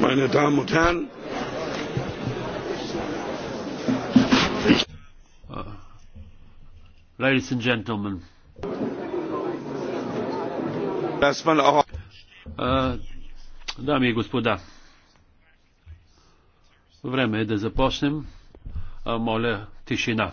Meine Damen und Herren, Ladies and Gentlemen, dass man auch Дами и господа, време е да започнем. Моля, тишина.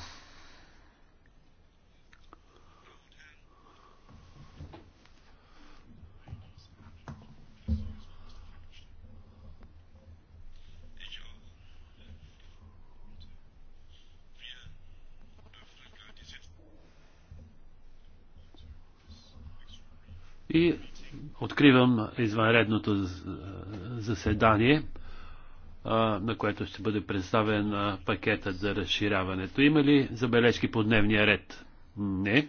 И откривам извънредното заседание, на което ще бъде представен пакетът за разширяването. Има ли забележки по дневния ред? Не.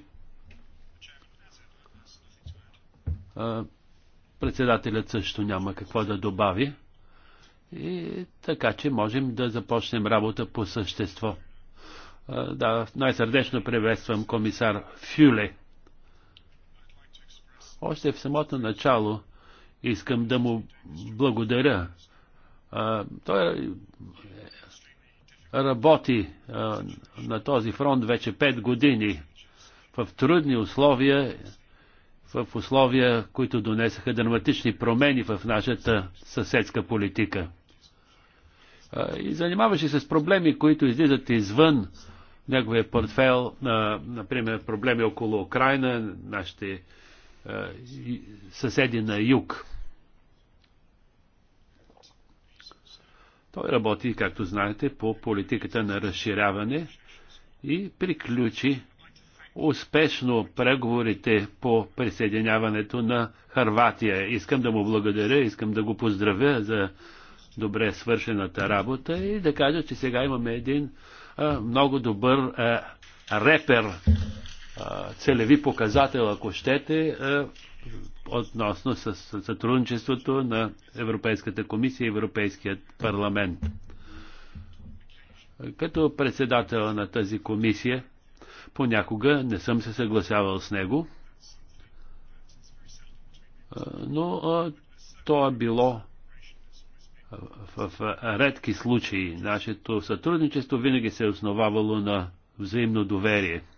Председателят също няма какво да добави. И така, че можем да започнем работа по същество. Да, най-сърдечно приветствам комисар Фюле. Още в самото начало искам да му благодаря. А, той работи а, на този фронт вече 5 години в трудни условия, в условия, които донесаха драматични промени в нашата съседска политика. А, и занимаваше се с проблеми, които излизат извън неговия портфел, а, например проблеми около Украина, нашите е, съседи на юг. Той работи, както знаете, по политиката на разширяване и приключи успешно преговорите по присъединяването на Харватия. Искам да му благодаря, искам да го поздравя за добре свършената работа и да кажа, че сега имаме един а, е, много добър а, е, репер целеви показател, ако щете, относно с сътрудничеството на Европейската комисия и Европейският парламент. Като председател на тази комисия, понякога не съм се съгласявал с него, но то е било в редки случаи. Нашето сътрудничество винаги се е основавало на взаимно доверие –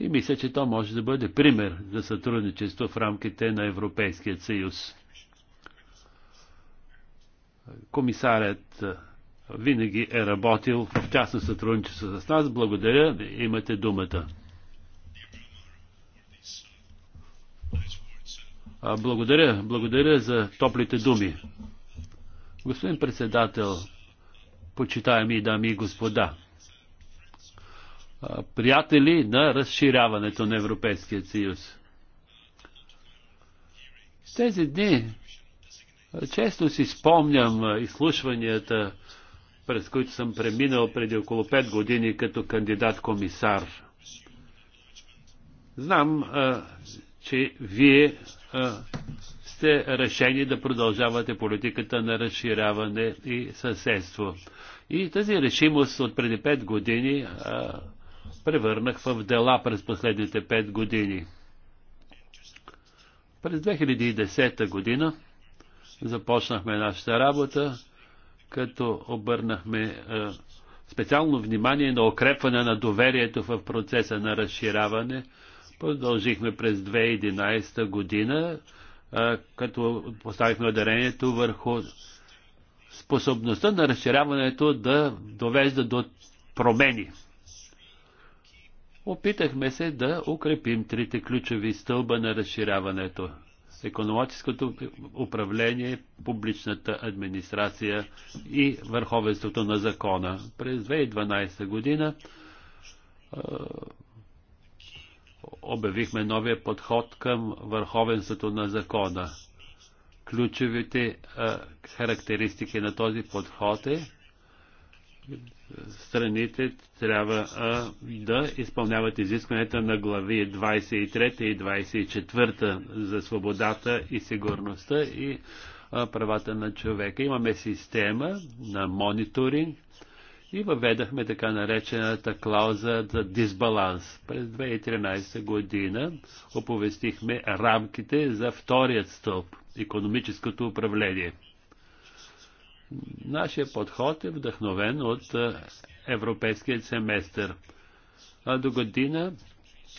и мисля, че то може да бъде пример за сътрудничество в рамките на Европейския съюз. Комисарят винаги е работил в тясно сътрудничество с нас. Благодаря, имате думата. Благодаря, благодаря за топлите думи. Господин председател, почитаеми дами и господа, приятели на разширяването на Европейския съюз. В Тези дни често си спомням изслушванията, през които съм преминал преди около 5 години като кандидат-комисар. Знам, че вие сте решени да продължавате политиката на разширяване и съседство. И тази решимост от преди 5 години превърнах в дела през последните пет години. През 2010 година започнахме нашата работа, като обърнахме е, специално внимание на укрепване на доверието в процеса на разширяване. Продължихме през 2011 година, е, като поставихме ударението върху способността на разширяването да довежда до промени Опитахме се да укрепим трите ключови стълба на разширяването економическото управление, публичната администрация и върховенството на закона. През 2012 година обявихме новия подход към върховенството на закона. Ключовите характеристики на този подход е страните трябва а, да изпълняват изискванията на глави 23 и 24 за свободата и сигурността и а, правата на човека. Имаме система на мониторинг и въведахме така наречената клауза за дисбаланс. През 2013 година оповестихме рамките за вторият стълб економическото управление – Нашия подход е вдъхновен от европейския семестър. А до година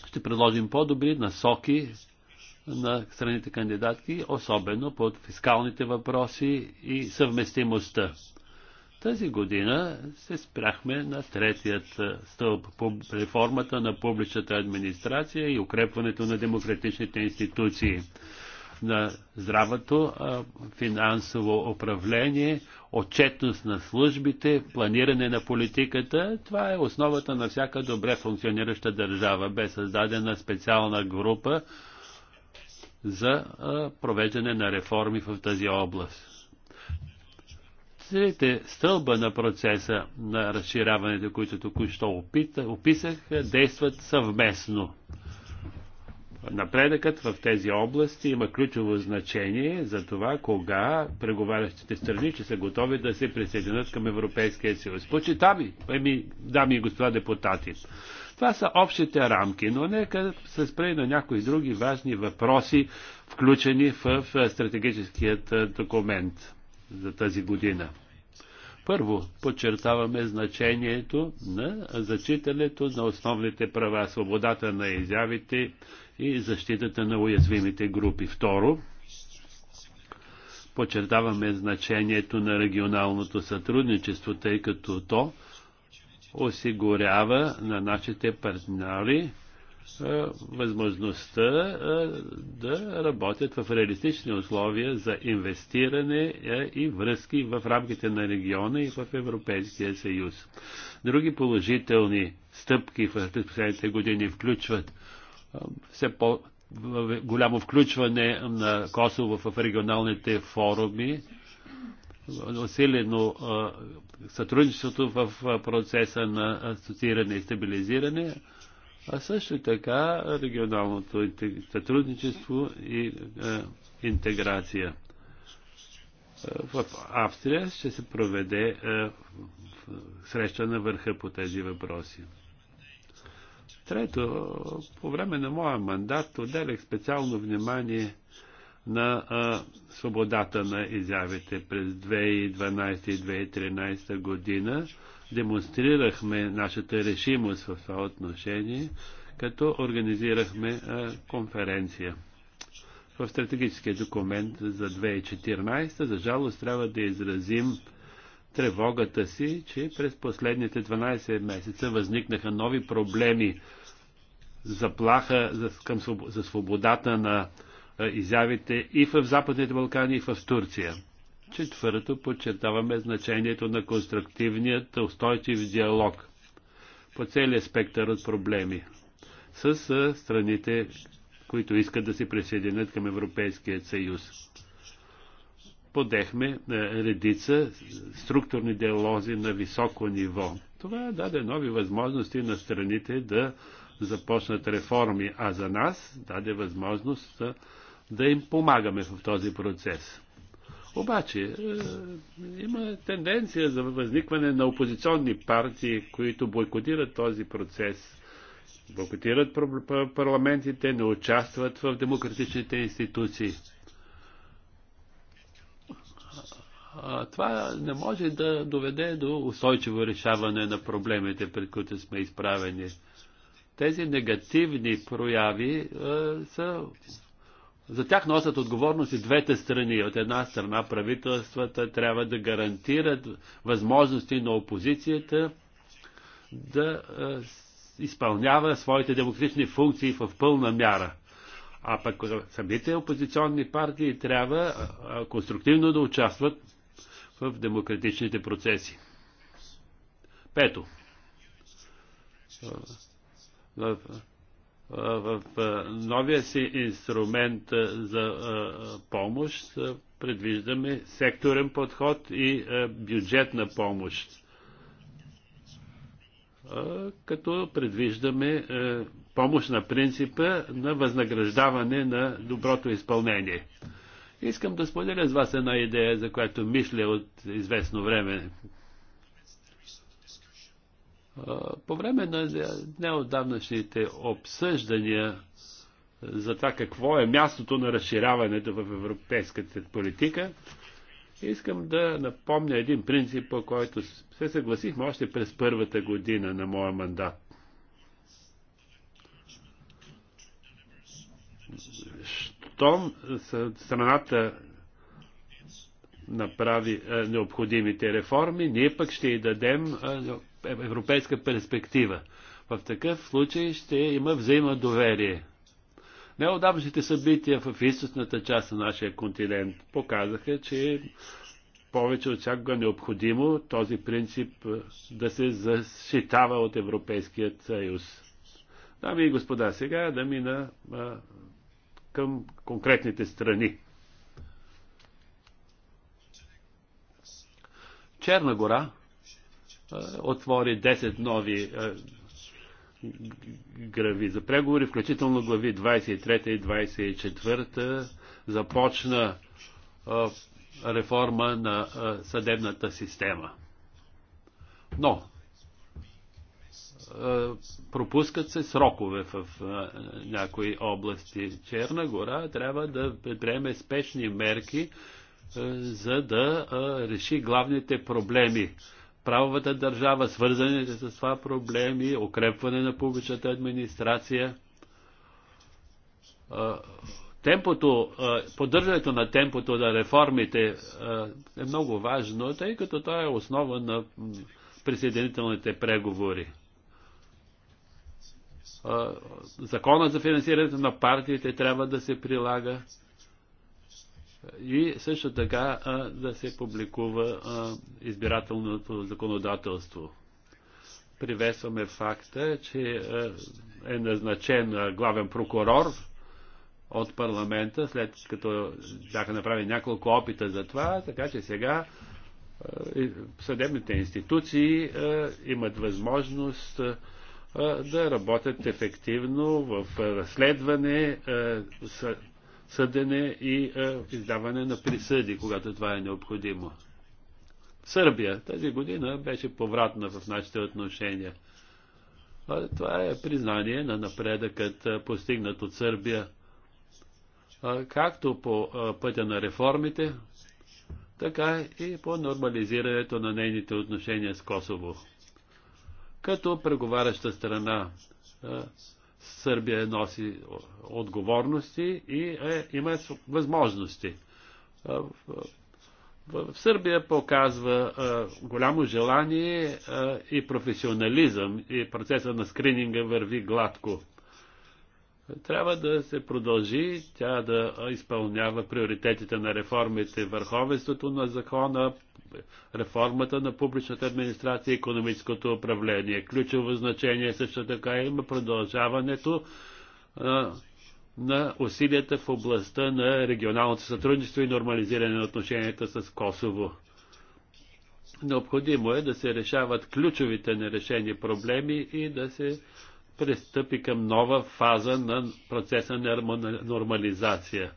ще предложим по-добри насоки на страните кандидатки, особено под фискалните въпроси и съвместимостта. Тази година се спряхме на третият стълб по реформата на публичната администрация и укрепването на демократичните институции на здравето, финансово управление, отчетност на службите, планиране на политиката. Това е основата на всяка добре функционираща държава. Бе създадена специална група за провеждане на реформи в тази област. Трите стълба на процеса на разширяването, които току-що описах, действат съвместно. Напредъкът в тези области има ключово значение за това кога преговарящите страни ще са готови да се присъединят към Европейския съюз. Почитами, еми, дами и господа депутати, това са общите рамки, но нека се спре на някои други важни въпроси, включени в стратегическият документ за тази година. Първо, подчертаваме значението на зачитането на основните права, свободата на изявите, и защитата на уязвимите групи. Второ, подчертаваме значението на регионалното сътрудничество, тъй като то осигурява на нашите партньори е, възможността е, да работят в реалистични условия за инвестиране е, и връзки в рамките на региона и в Европейския съюз. Други положителни стъпки в последните години включват все по-голямо включване на Косово в регионалните форуми, усилено сътрудничеството в процеса на асоцииране и стабилизиране, а също така регионалното сътрудничество и интеграция. В Австрия ще се проведе среща на върха по тези въпроси. Трето, по време на моя мандат отделях специално внимание на а, свободата на изявите през 2012 и 2013 година. Демонстрирахме нашата решимост в това отношение, като организирахме а, конференция. В стратегическия документ за 2014, за жалост, трябва да изразим тревогата си, че през последните 12 месеца възникнаха нови проблеми заплаха за, към, за свободата на изявите и в Западните Балкани, и в Турция. Четвърто, подчертаваме значението на конструктивният устойчив диалог по целия спектър от проблеми с страните, които искат да се присъединят към Европейския съюз. Подехме редица структурни диалози на високо ниво. Това даде нови възможности на страните да започнат реформи, а за нас даде възможност да им помагаме в този процес. Обаче е, има тенденция за възникване на опозиционни партии, които бойкотират този процес, бойкотират парламентите, не участват в демократичните институции. това не може да доведе до устойчиво решаване на проблемите, пред които сме изправени. Тези негативни прояви е, са. За тях носят отговорност и двете страни. От една страна правителствата трябва да гарантират възможности на опозицията да е, изпълнява своите демократични функции в пълна мяра. А пък самите опозиционни партии трябва е, е, конструктивно да участват в демократичните процеси. Пето. Е, в, в, в новия си инструмент за помощ предвиждаме секторен подход и бюджетна помощ. Като предвиждаме помощ на принципа на възнаграждаване на доброто изпълнение. Искам да споделя с вас една идея, за която мисля от известно време по време на неотдавнашните обсъждания за това какво е мястото на разширяването в европейската политика, искам да напомня един принцип, по който се съгласихме още през първата година на моя мандат. Щом страната направи необходимите реформи, ние пък ще й дадем европейска перспектива. В такъв случай ще има взаимно доверие. Неодавнашните събития в източната част на нашия континент показаха, че повече от всякога е необходимо този принцип да се защитава от Европейският съюз. Дами и господа, сега да мина а, към конкретните страни. Черна гора е, отвори 10 нови е, грави за преговори, включително глави 23 и 24, започна е, реформа на съдебната система. Но пропускат се срокове в някои области. Черна гора трябва да предприеме спешни мерки, за да реши главните проблеми правовата държава, свързане с това проблеми, укрепване на публичната администрация. Темпото, поддържането на темпото на реформите е много важно, тъй като това е основа на присъединителните преговори. Закона за финансирането на партиите трябва да се прилага и също така а, да се публикува а, избирателното законодателство. Приветстваме факта, че а, е назначен а, главен прокурор от парламента, след като бяха направени няколко опита за това, така че сега а, съдебните институции а, имат възможност а, да работят ефективно в разследване, съдене и е, издаване на присъди, когато това е необходимо. Сърбия тази година беше повратна в нашите отношения. А, това е признание на напредъкът, е, постигнат от Сърбия, а, както по е, пътя на реформите, така и по нормализирането на нейните отношения с Косово. Като преговаряща страна е, Сърбия е носи отговорности и е, има възможности. В, в Сърбия показва е, голямо желание е, и професионализъм и процеса на скрининга върви гладко трябва да се продължи тя да изпълнява приоритетите на реформите, върховенството на закона, реформата на публичната администрация и економическото управление. Ключово значение също така има продължаването а, на усилията в областта на регионалното сътрудничество и нормализиране на отношенията с Косово. Необходимо е да се решават ключовите нерешени проблеми и да се пристъпи към нова фаза на процеса на нормализация.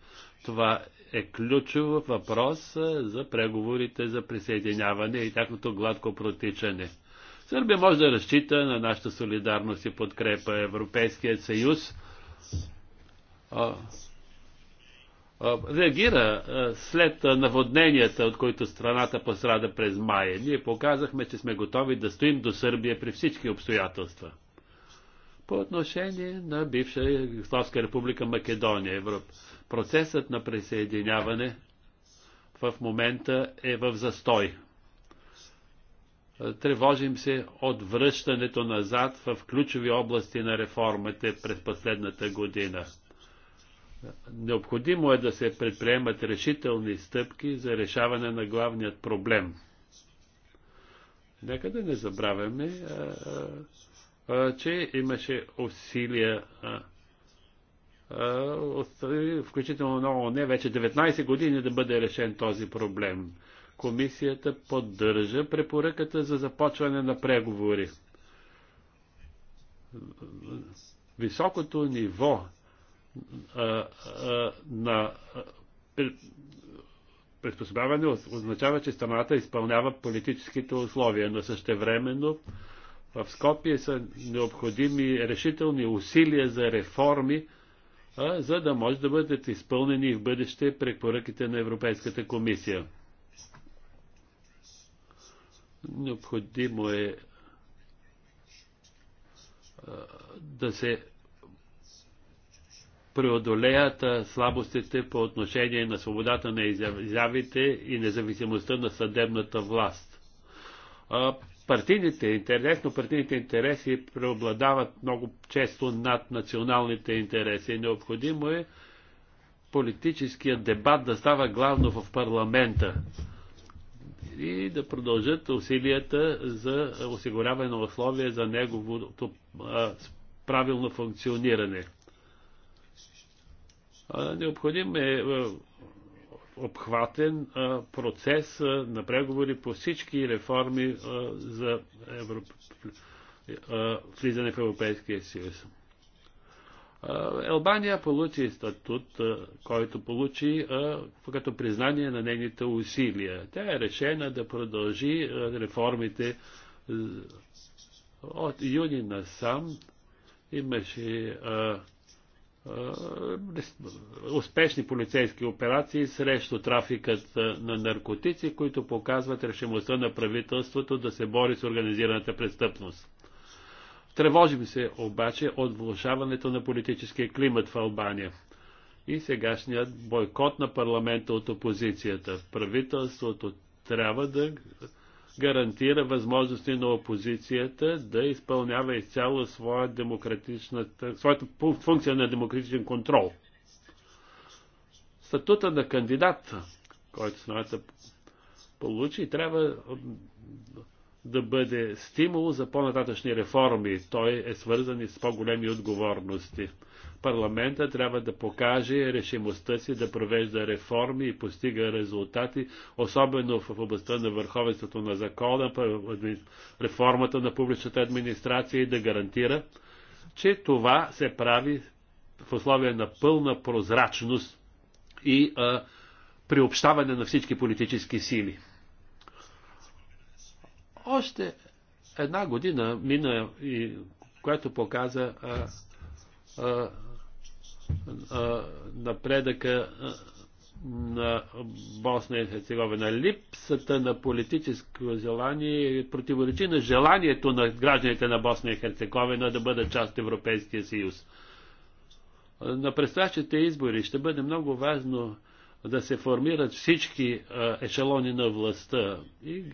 Това е ключов въпрос за преговорите за присъединяване и тяхното гладко протичане. Сърбия може да разчита на нашата солидарност и подкрепа. Европейският съюз реагира след наводненията, от които страната пострада през мая. Ние показахме, че сме готови да стоим до Сърбия при всички обстоятелства по отношение на бивша Славска република Македония. Европа. Процесът на присъединяване в момента е в застой. Тревожим се от връщането назад в ключови области на реформите през последната година. Необходимо е да се предприемат решителни стъпки за решаване на главният проблем. Нека да не забравяме а, че имаше усилия включително много не, вече 19 години да бъде решен този проблем. Комисията поддържа препоръката за започване на преговори. Високото ниво на приспособяване означава, че страната изпълнява политическите условия, но същевременно времено в Скопие са необходими решителни усилия за реформи, а, за да може да бъдат изпълнени в бъдеще препоръките на Европейската комисия. Необходимо е а, да се преодолеят слабостите по отношение на свободата на изявите и независимостта на съдебната власт партийните интереси, но партийните интереси преобладават много често над националните интереси. Необходимо е политическият дебат да става главно в парламента и да продължат усилията за осигуряване на условия за неговото правилно функциониране. Необходимо е обхватен процес на преговори по всички реформи за Европ... влизане в Европейския съюз. Албания получи статут, който получи като признание на нейните усилия. Тя е решена да продължи реформите от юни насам. Имаше е, успешни полицейски операции срещу трафикът е, на наркотици, които показват решимостта на правителството да се бори с организираната престъпност. Тревожим се обаче от влушаването на политическия климат в Албания и сегашният бойкот на парламента от опозицията. Правителството трябва да гарантира възможности на опозицията да изпълнява изцяло своя своята функция на демократичен контрол. Статута на кандидат, който страната получи, трябва да бъде стимул за по-нататъчни реформи. Той е свързан и с по-големи отговорности парламента трябва да покаже решимостта си да провежда реформи и постига резултати, особено в областта на върховенството на закона, реформата на публичната администрация и да гарантира, че това се прави в условия на пълна прозрачност и а, приобщаване на всички политически сили. Още една година мина, и, която показа а, а, напредъка на Босна и Херцеговина. Липсата на политическо желание противоречи на желанието на гражданите на Босна и Херцеговина да бъдат част от Европейския съюз. На предстоящите избори ще бъде много важно да се формират всички ешелони на властта и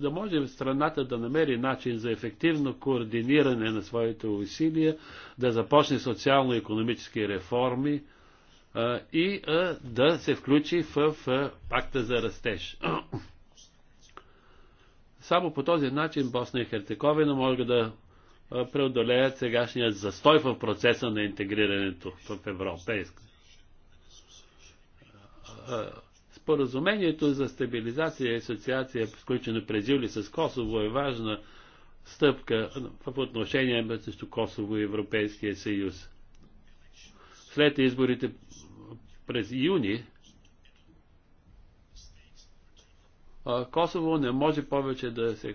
да може страната да намери начин за ефективно координиране на своите усилия, да започне социално-економически реформи и да се включи в пакта за растеж. Само по този начин Босна и Херцеговина могат да преодолеят сегашният застой в процеса на интегрирането в Европейската Споразумението за стабилизация и асоциация, сключено през юли с Косово, е важна стъпка в отношение между Косово и Европейския съюз. След изборите през юни, Косово не може повече да се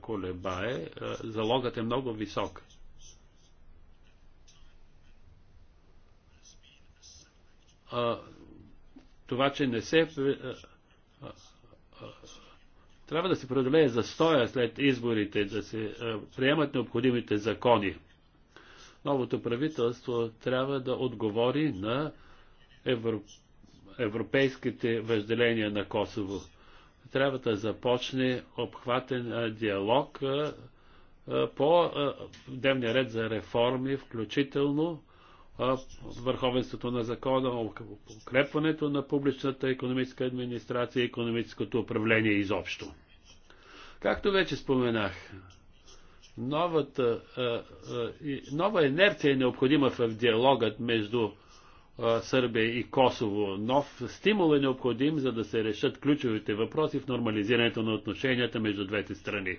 колебае. Залогът е много висок това, че не се е, е, е, трябва да се преодолее застоя след изборите, да се приемат необходимите закони. Новото правителство трябва да отговори на европейските въжделения на Косово. Трябва да започне обхватен диалог по дневния ред за реформи, включително върховенството на закона, укрепването на публичната економическа администрация и економическото управление изобщо. Както вече споменах, новата, нова инерция е необходима в диалогът между Сърбия и Косово. Нов стимул е необходим, за да се решат ключовите въпроси в нормализирането на отношенията между двете страни.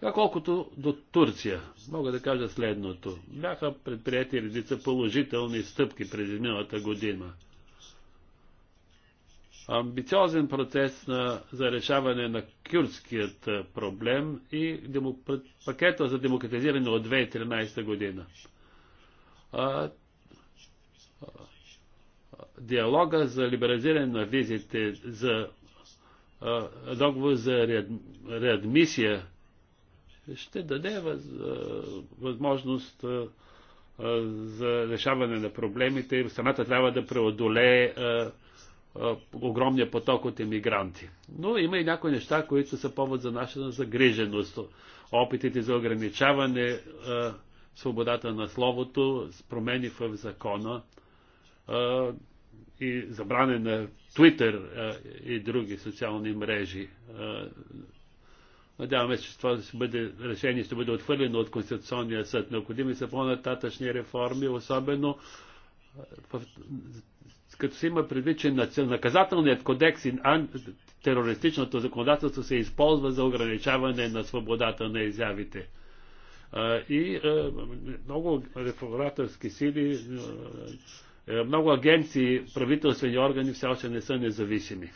Така колкото до Турция, мога да кажа следното. Бяха предприяти редица положителни стъпки през миналата година. Амбициозен процес на, за решаване на кюрдският проблем и демо, пакета за демократизиране от 2013 година. А, диалога за либерализиране на визите, за а, договор за реадмисия ще даде въз, възможност за решаване на проблемите. Страната трябва да преодолее огромния поток от емигранти. Но има и някои неща, които са повод за наша загриженост. Опитите за ограничаване свободата на словото, промени в закона и забране на Twitter и други социални мрежи. Надяваме се, че това ще бъде, решение ще бъде отхвърлено от Конституционния съд. Необходими са по-нататъчни реформи, особено като се има предвид, че наказателният кодекс и терористичното законодателство се използва за ограничаване на свободата на изявите. И много реформаторски сили, много агенции, правителствени органи все още не са независими.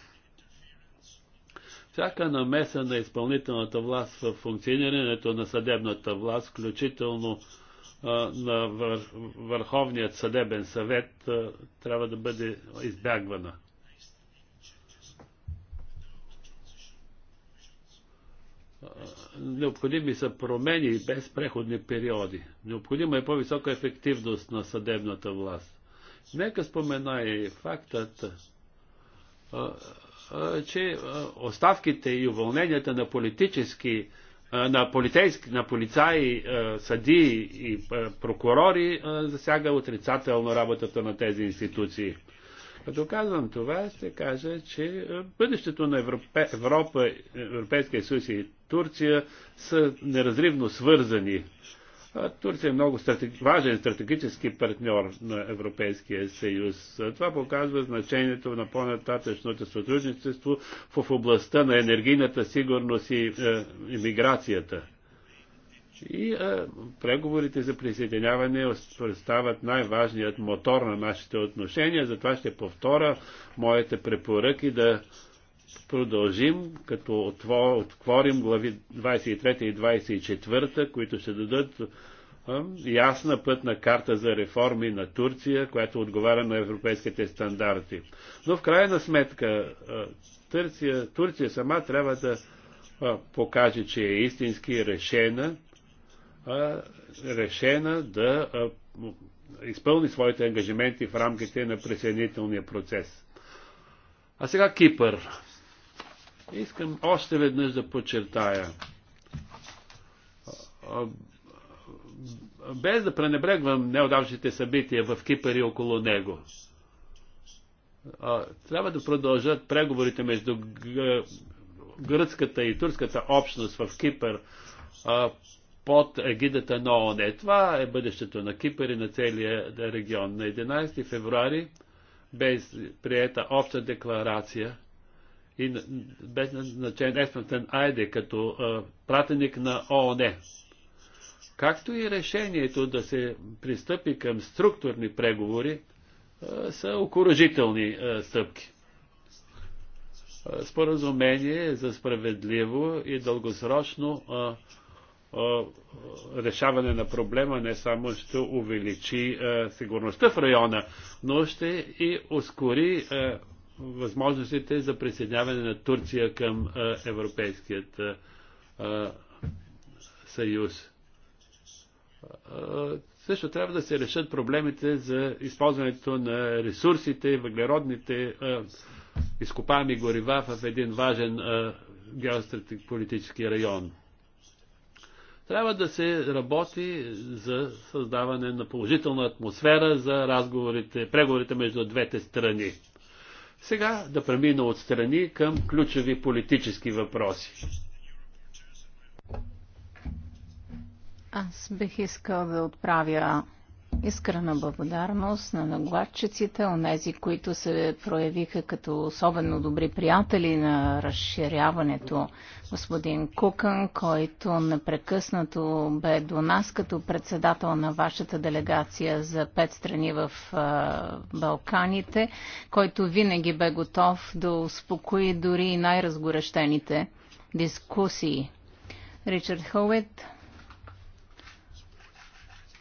Всяка намеса на изпълнителната власт в функционирането на съдебната власт, включително на Върховният съдебен съвет трябва да бъде избягвана. Необходими са промени без преходни периоди. Необходима е по-висока ефективност на съдебната власт. Нека спомена и фактът, че оставките и уволненията на политически на, полицейски, на полицаи, съдии и прокурори засяга отрицателно работата на тези институции. Като казвам това, ще кажа, че бъдещето на Европе, Европа, Европейския съюз и Турция са неразривно свързани. Турция е много стратег... важен стратегически партньор на Европейския съюз. Това показва значението на по-нататъчното сътрудничество в областта на енергийната сигурност и е, иммиграцията. И е, преговорите за присъединяване представят най-важният мотор на нашите отношения. Затова ще повторя моите препоръки да продължим, като отворим глави 23 и 24, които ще дадат ясна пътна карта за реформи на Турция, която отговаря на европейските стандарти. Но в крайна сметка Турция, Турция сама трябва да покаже, че е истински решена, решена да изпълни своите ангажименти в рамките на присъединителния процес. А сега Кипър. Искам още веднъж да подчертая. Без да пренебрегвам неудавшите събития в Кипър и около него. Трябва да продължат преговорите между гръцката и турската общност в Кипър под егидата на ООН. Това е бъдещето на Кипър и на целия регион. На 11 февруари без приета обща декларация и бе назначен Есмантен Айде като пратеник на ООН. Както и решението да се пристъпи към структурни преговори са окоръжителни стъпки. Споразумение е за справедливо и дългосрочно решаване на проблема не само ще увеличи сигурността в района, но ще и ускори възможностите за присъединяване на Турция към Европейският съюз. Също трябва да се решат проблемите за използването на ресурсите, въглеродните изкопаеми горива в един важен геостратегически район. Трябва да се работи за създаване на положителна атмосфера за разговорите, преговорите между двете страни. Сега да премина отстрани към ключови политически въпроси. Аз бих искал да отправя Искрена благодарност на нагладчиците, онези, които се проявиха като особено добри приятели на разширяването. Господин Кукън, който непрекъснато бе до нас като председател на вашата делегация за пет страни в Балканите, който винаги бе готов да успокои дори и най-разгорещените дискусии. Ричард Хоуит,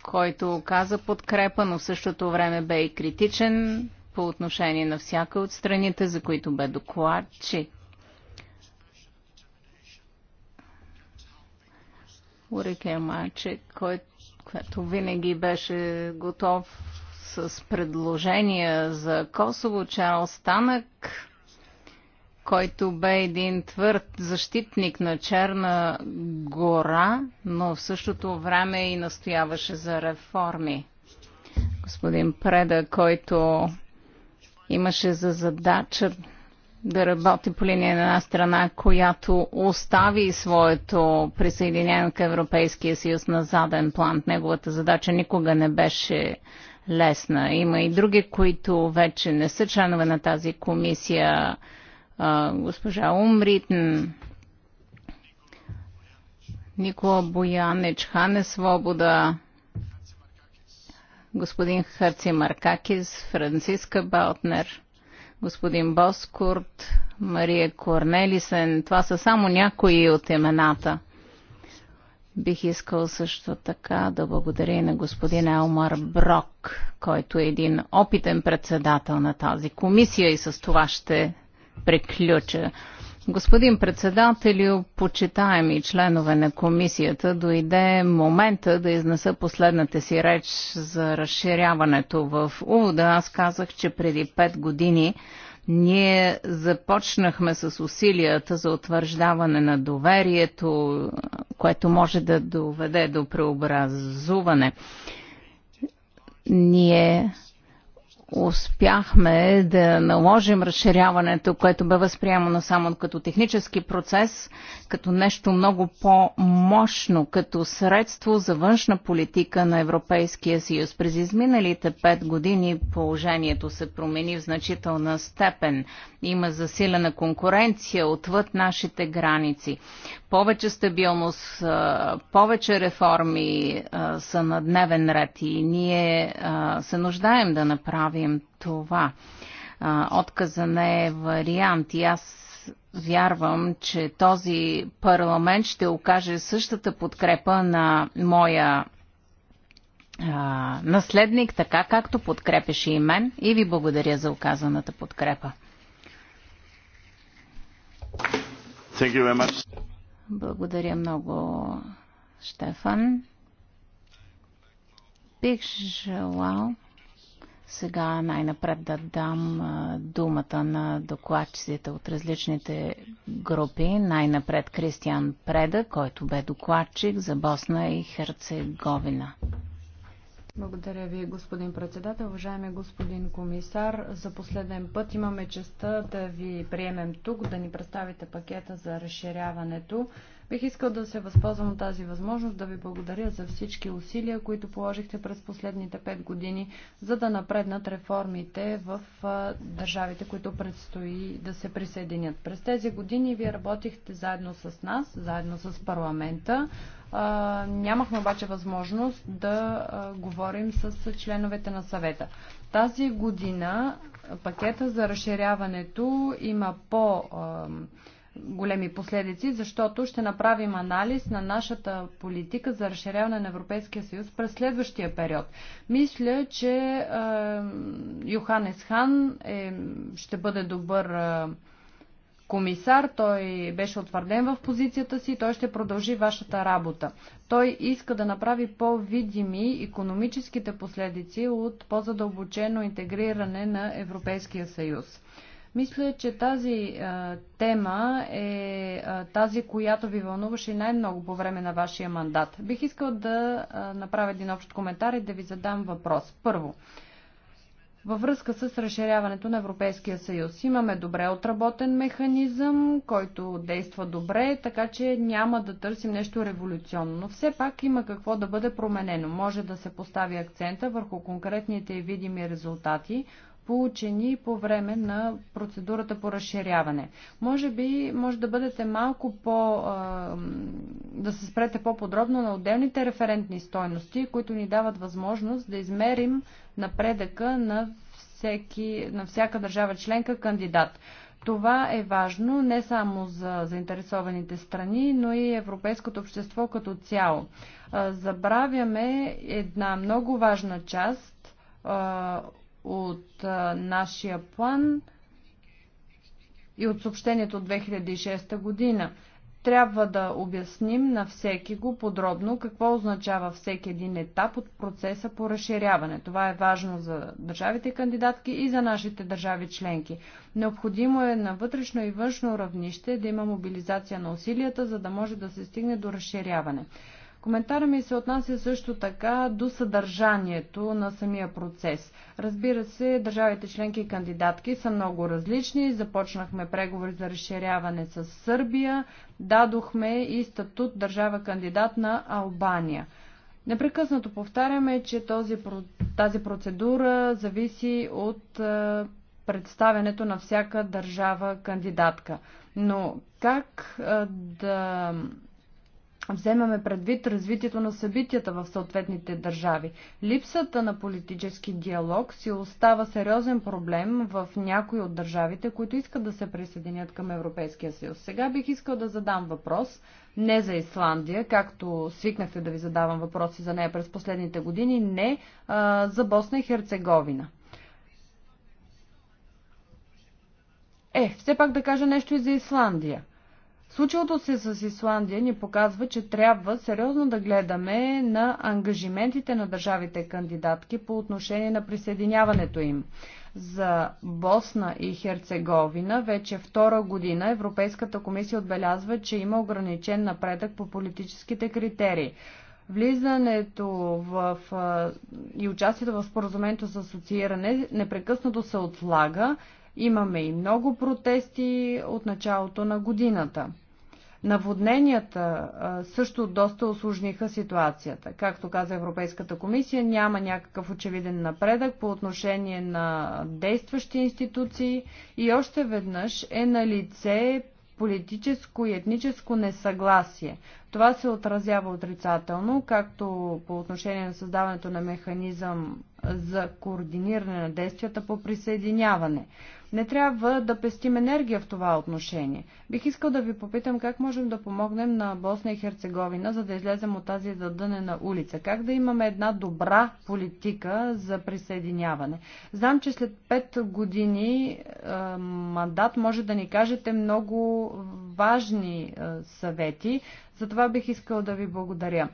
който каза подкрепа, но в същото време бе и критичен по отношение на всяка от страните, за които бе че Урике Мачек, който винаги беше готов с предложения за Косово, Чарлз Танък който бе един твърд защитник на Черна гора, но в същото време и настояваше за реформи. Господин Преда, който имаше за задача да работи по линия на една страна, която остави своето присъединение към Европейския съюз на заден план. Неговата задача никога не беше лесна. Има и други, които вече не са членове на тази комисия госпожа Умритн, Никола Боянич, Хане Свобода, господин Харци Маркакис, Франциска Балтнер, господин Боскурт, Мария Корнелисен. Това са само някои от имената. Бих искал също така да благодаря и на господин Елмар Брок, който е един опитен председател на тази комисия и с това ще приключа. Господин председателю, почитаеми членове на комисията, дойде момента да изнеса последната си реч за разширяването в увода. Аз казах, че преди пет години ние започнахме с усилията за утвърждаване на доверието, което може да доведе до преобразуване. Ние успяхме да наложим разширяването, което бе възприемано само като технически процес като нещо много по-мощно, като средство за външна политика на Европейския съюз. През изминалите пет години положението се промени в значителна степен. Има засилена конкуренция отвъд нашите граници. Повече стабилност, повече реформи са на дневен ред и ние се нуждаем да направим това отказа не е вариант. И аз аз вярвам, че този парламент ще окаже същата подкрепа на моя а, наследник, така както подкрепеше и мен. И ви благодаря за оказаната подкрепа. Благодаря много, Штефан. Бих желал сега най-напред да дам думата на докладчиците от различните групи. Най-напред Кристиан Преда, който бе докладчик за Босна и Херцеговина. Благодаря ви, господин председател. Уважаеми господин комисар, за последен път имаме честа да ви приемем тук, да ни представите пакета за разширяването. Бих искал да се възползвам от тази възможност да ви благодаря за всички усилия, които положихте през последните 5 години, за да напреднат реформите в държавите, които предстои да се присъединят. През тези години вие работихте заедно с нас, заедно с парламента Нямахме обаче възможност да говорим с членовете на съвета. Тази година пакета за разширяването има по- големи последици, защото ще направим анализ на нашата политика за разширяване на Европейския съюз през следващия период. Мисля, че е, Йоханес Хан е, ще бъде добър е, комисар, той беше утвърден в позицията си, той ще продължи вашата работа. Той иска да направи по-видими економическите последици от по-задълбочено интегриране на Европейския съюз. Мисля, че тази а, тема е а, тази, която ви вълнуваше най-много по време на вашия мандат. Бих искал да а, направя един общ коментар и да ви задам въпрос. Първо, а, във връзка с разширяването на Европейския съюз. Имаме добре отработен механизъм, който действа добре, така че няма да търсим нещо революционно. Но все пак има какво да бъде променено. Може да се постави акцента върху конкретните и видими резултати, получени по време на процедурата по разширяване. Може би може да бъдете малко по... да се спрете по-подробно на отделните референтни стойности, които ни дават възможност да измерим напредъка на, всеки, на всяка държава членка кандидат. Това е важно не само за заинтересованите страни, но и европейското общество като цяло. Забравяме една много важна част от нашия план и от съобщението от 2006 година трябва да обясним на всеки го подробно какво означава всеки един етап от процеса по разширяване. Това е важно за държавите кандидатки и за нашите държави членки. Необходимо е на вътрешно и външно равнище да има мобилизация на усилията, за да може да се стигне до разширяване. Коментара ми се отнася също така до съдържанието на самия процес. Разбира се, държавите членки и кандидатки са много различни. Започнахме преговори за разширяване с Сърбия, дадохме и статут държава кандидат на Албания. Непрекъснато повтаряме, че този, тази процедура зависи от е, представянето на всяка държава кандидатка. Но как е, да вземаме предвид развитието на събитията в съответните държави. Липсата на политически диалог си остава сериозен проблем в някои от държавите, които искат да се присъединят към Европейския съюз. Сега бих искал да задам въпрос не за Исландия, както свикнахте да ви задавам въпроси за нея през последните години, не а, за Босна и Херцеговина. Е, все пак да кажа нещо и за Исландия. Случилото се с Исландия ни показва, че трябва сериозно да гледаме на ангажиментите на държавите кандидатки по отношение на присъединяването им. За Босна и Херцеговина вече втора година Европейската комисия отбелязва, че има ограничен напредък по политическите критерии. Влизането в, и участието в споразумението за асоцииране непрекъснато се отлага. Имаме и много протести от началото на годината. Наводненията също доста осложниха ситуацията. Както каза Европейската комисия, няма някакъв очевиден напредък по отношение на действащи институции и още веднъж е на лице политическо и етническо несъгласие. Това се отразява отрицателно, както по отношение на създаването на механизъм за координиране на действията по присъединяване. Не трябва да пестим енергия в това отношение. Бих искал да ви попитам как можем да помогнем на Босна и Херцеговина, за да излезем от тази задънена улица. Как да имаме една добра политика за присъединяване. Знам, че след 5 години е, мандат може да ни кажете много важни е, съвети, за това бих искал да ви благодаря.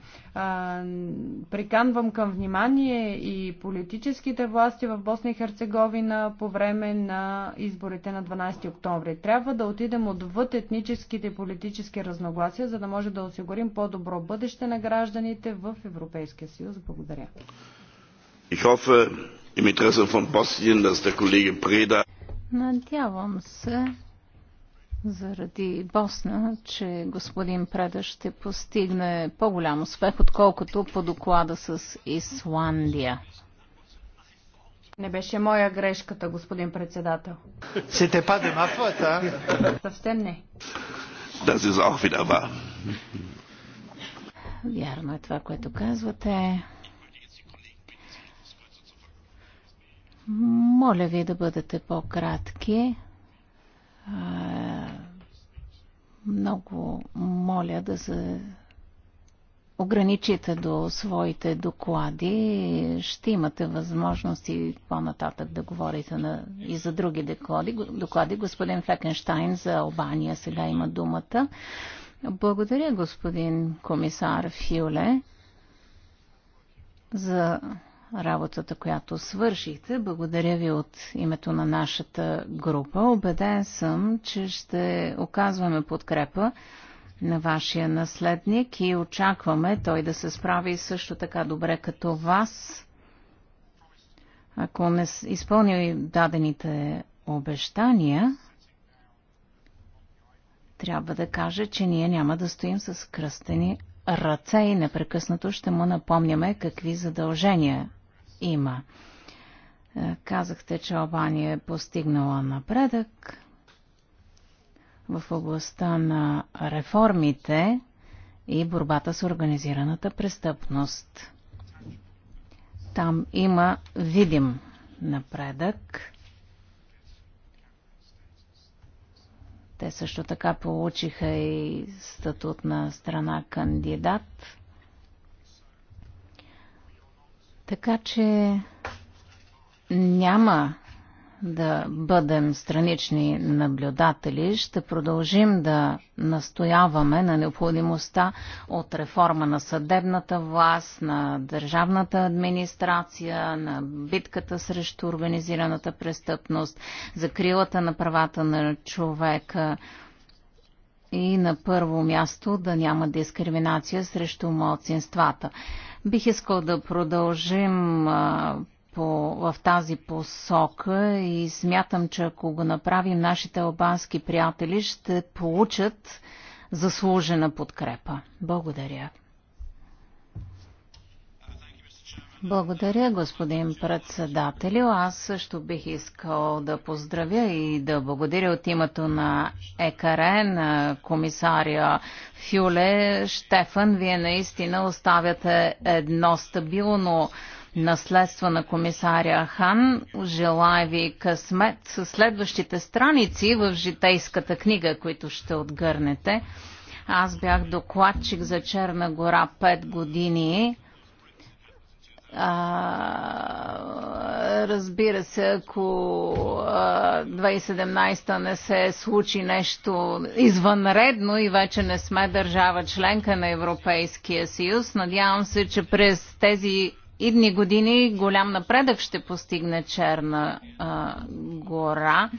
Приканвам към внимание и политическите власти в Босна и Херцеговина по време на изборите на 12 октомври. Трябва да отидем отвъд етническите и политически разногласия, за да може да осигурим по-добро бъдеще на гражданите в Европейския съюз. Благодаря. Ich hoffe im Interesse von Bosnien, dass der Kollege Preda Надявам се, заради Босна, че господин Преда ще постигне по-голям успех, отколкото по доклада с Исландия. Не беше моя грешката, господин председател. те паде мафата? Съвсем не. Das ist auch wieder wahr. Вярно е това, което казвате. Моля ви да бъдете по-кратки много моля да се ограничите до своите доклади. Ще имате възможности по-нататък да говорите на, и за други доклади. доклади. Господин Флекенштайн за Албания сега има думата. Благодаря, господин комисар Фюле, за работата, която свършихте. Благодаря ви от името на нашата група. Обеден съм, че ще оказваме подкрепа на вашия наследник и очакваме той да се справи също така добре като вас. Ако не изпълни дадените обещания, трябва да кажа, че ние няма да стоим с кръстени ръце и непрекъснато ще му напомняме какви задължения има. Е, казахте, че Албания е постигнала напредък в областта на реформите и борбата с организираната престъпност. Там има видим напредък. Те също така получиха и статут на страна кандидат. Така че няма да бъдем странични наблюдатели, ще продължим да настояваме на необходимостта от реформа на съдебната власт, на държавната администрация, на битката срещу организираната престъпност, закрилата на правата на човека, и на първо място да няма дискриминация срещу младсинствата. Бих искал да продължим а, по, в тази посока и смятам, че ако го направим, нашите албански приятели ще получат заслужена подкрепа. Благодаря. Благодаря, господин председател, Аз също бих искал да поздравя и да благодаря от името на ЕКРН, комисаря Фюле. Штефан, вие наистина оставяте едно стабилно наследство на комисаря Хан. Желая ви късмет с следващите страници в житейската книга, които ще отгърнете. Аз бях докладчик за Черна гора 5 години а, разбира се, ако 2017 не се случи нещо извънредно и вече не сме държава членка на Европейския съюз, надявам се, че през тези идни години голям напредък ще постигне Черна а, гора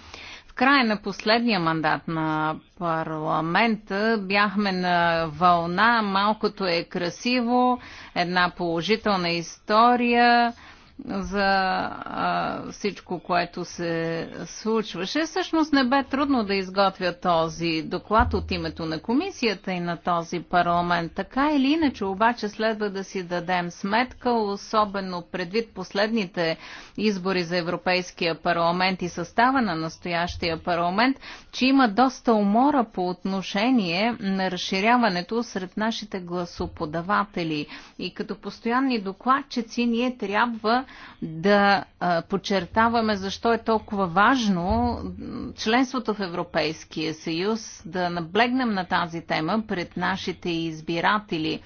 края на последния мандат на парламента бяхме на вълна, малкото е красиво, една положителна история за а, всичко, което се случваше. Всъщност не бе трудно да изготвя този доклад от името на комисията и на този парламент. Така или иначе, обаче следва да си дадем сметка, особено предвид последните избори за Европейския парламент и състава на настоящия парламент, че има доста умора по отношение на разширяването сред нашите гласоподаватели. И като постоянни докладчици ние трябва да подчертаваме защо е толкова важно членството в Европейския съюз, да наблегнем на тази тема пред нашите избиратели,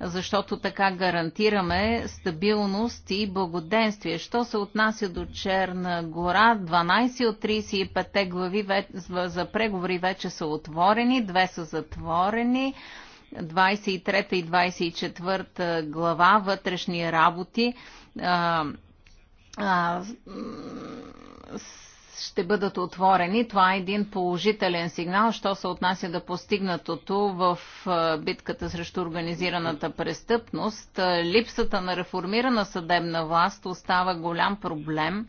защото така гарантираме стабилност и благоденствие. Що се отнася до Черна гора, 12 от 35 глави за преговори вече са отворени, две са затворени. 23 и 24 глава вътрешни работи ще бъдат отворени. Това е един положителен сигнал, що се отнася до да постигнатото в битката срещу организираната престъпност. Липсата на реформирана съдебна власт остава голям проблем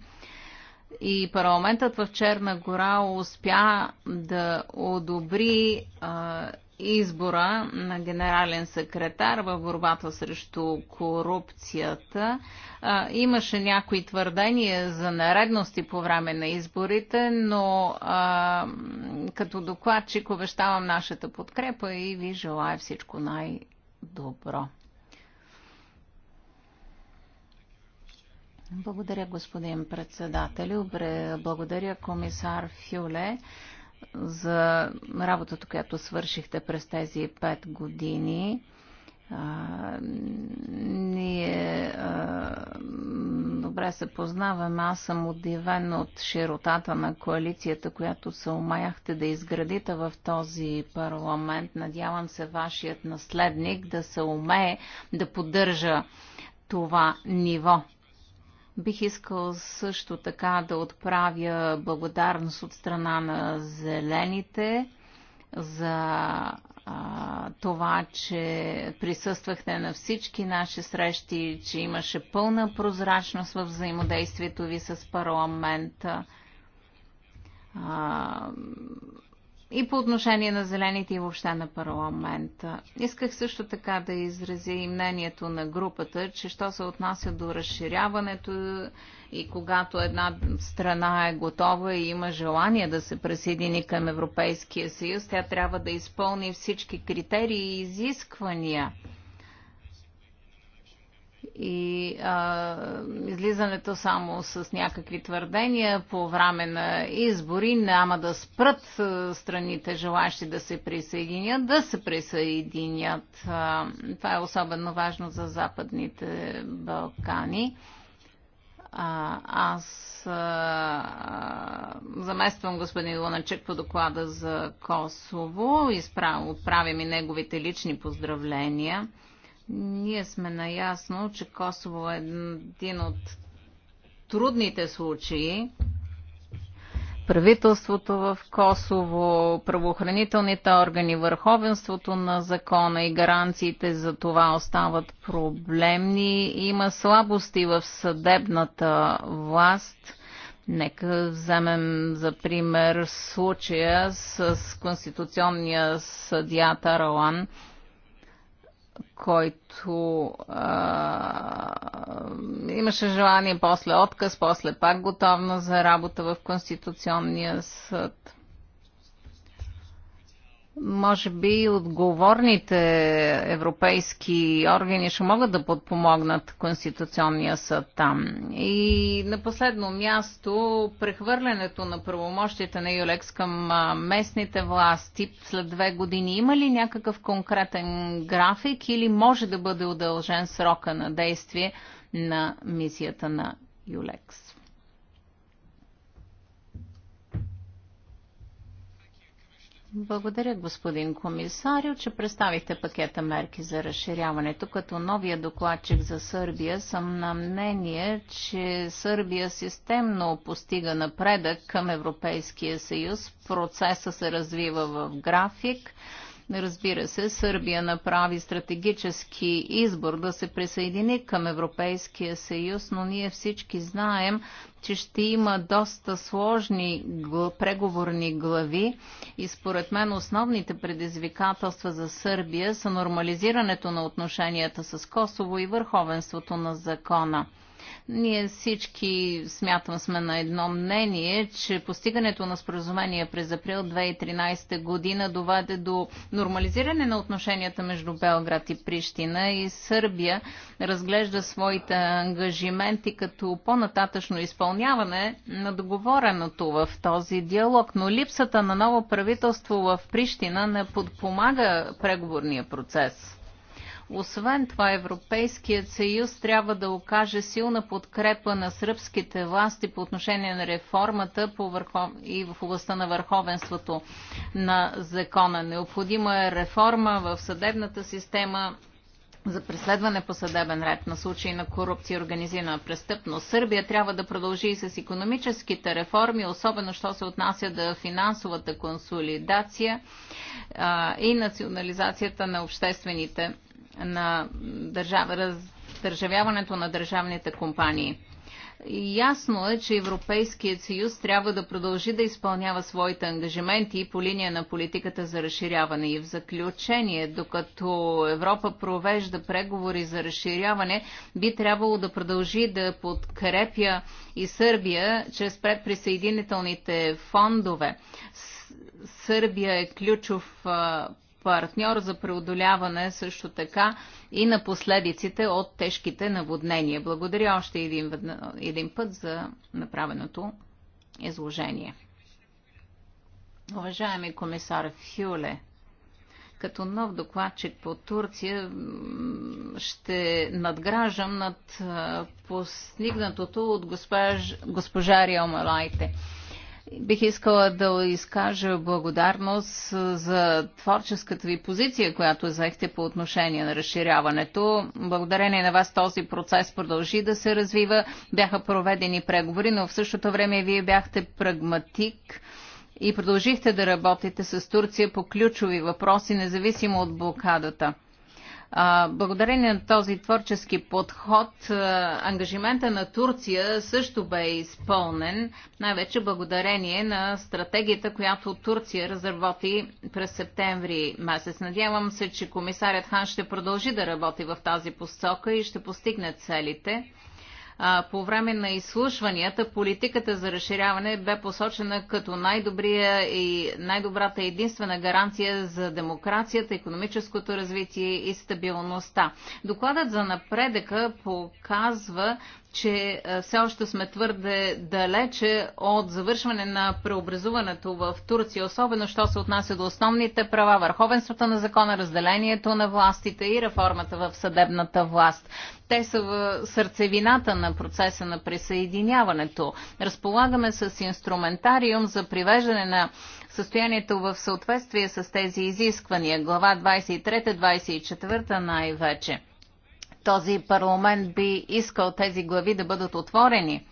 и парламентът в Черна гора успя да одобри а, избора на генерален секретар в борбата срещу корупцията. А, имаше някои твърдения за наредности по време на изборите, но а, като докладчик обещавам нашата подкрепа и ви желая всичко най-добро. Благодаря, господин председател. Благодаря, комисар Фюле за работата, която свършихте през тези пет години. А, ние а, добре се познаваме. Аз съм удивен от широтата на коалицията, която се умаяхте да изградите в този парламент. Надявам се вашият наследник да се умее да поддържа това ниво Бих искал също така да отправя благодарност от страна на зелените за а, това, че присъствахте на всички наши срещи, че имаше пълна прозрачност в взаимодействието ви с парламента. А, и по отношение на зелените и въобще на парламента. Исках също така да изразя и мнението на групата, че що се отнася до разширяването и когато една страна е готова и има желание да се присъедини към Европейския съюз, тя трябва да изпълни всички критерии и изисквания – и а, излизането само с някакви твърдения по време на избори няма да спрат страните, желащи да се присъединят, да се присъединят. А, това е особено важно за Западните Балкани. А, аз а, замествам господин Луначек по доклада за Косово. и правим и неговите лични поздравления. Ние сме наясно, че Косово е един от трудните случаи. Правителството в Косово, правоохранителните органи, върховенството на закона и гаранциите за това остават проблемни. Има слабости в съдебната власт. Нека вземем за пример случая с конституционния съдия Таралан който а, имаше желание, после отказ, после пак готовност за работа в Конституционния съд може би отговорните европейски органи ще могат да подпомогнат Конституционния съд там. И на последно място, прехвърлянето на правомощите на Юлекс към местните власти след две години. Има ли някакъв конкретен график или може да бъде удължен срока на действие на мисията на Юлекс? Благодаря, господин комисар, че представихте пакета мерки за разширяването. Като новия докладчик за Сърбия съм на мнение, че Сърбия системно постига напредък към Европейския съюз. Процесът се развива в график. Разбира се, Сърбия направи стратегически избор да се присъедини към Европейския съюз, но ние всички знаем, че ще има доста сложни преговорни глави и според мен основните предизвикателства за Сърбия са нормализирането на отношенията с Косово и върховенството на закона. Ние всички, смятам, сме на едно мнение, че постигането на споразумение през април 2013 година доведе до нормализиране на отношенията между Белград и Прищина и Сърбия разглежда своите ангажименти като по-нататъчно изпълняване на договореното в този диалог. Но липсата на ново правителство в Прищина не подпомага преговорния процес. Освен това, Европейският съюз трябва да окаже силна подкрепа на сръбските власти по отношение на реформата по върхов... и в областта на върховенството на закона. Необходима е реформа в съдебната система за преследване по съдебен ред на случаи на корупция и организирана престъпност. Сърбия трябва да продължи и с економическите реформи, особено що се отнася до финансовата консолидация а, и национализацията на обществените на държав... раздържавяването на държавните компании. Ясно е, че Европейският съюз трябва да продължи да изпълнява своите ангажименти по линия на политиката за разширяване. И в заключение, докато Европа провежда преговори за разширяване, би трябвало да продължи да подкрепя и Сърбия чрез предприсъединителните фондове. Сърбия е ключов партньор за преодоляване също така и на последиците от тежките наводнения. Благодаря още един, един път за направеното изложение. Уважаеми комисар Фюле, като нов докладчик по Турция ще надграждам над постигнатото от госпожа, госпожа Риомалайте. Лайте Бих искала да изкажа благодарност за творческата ви позиция, която взехте по отношение на разширяването. Благодарение на вас този процес продължи да се развива. Бяха проведени преговори, но в същото време вие бяхте прагматик и продължихте да работите с Турция по ключови въпроси, независимо от блокадата. Благодарение на този творчески подход, ангажимента на Турция също бе изпълнен, най-вече благодарение на стратегията, която Турция разработи през септември месец. Надявам се, че комисарят Хан ще продължи да работи в тази посока и ще постигне целите по време на изслушванията политиката за разширяване бе посочена като най-добрия и най-добрата единствена гаранция за демокрацията, економическото развитие и стабилността. Докладът за напредъка показва, че все още сме твърде далече от завършване на преобразуването в Турция, особено що се отнася до основните права, върховенството на закона, разделението на властите и реформата в съдебната власт. Те са в сърцевината на процеса на присъединяването. Разполагаме с инструментариум за привеждане на състоянието в съответствие с тези изисквания. Глава 23-24 най-вече този парламент би искал тези глави да бъдат отворени.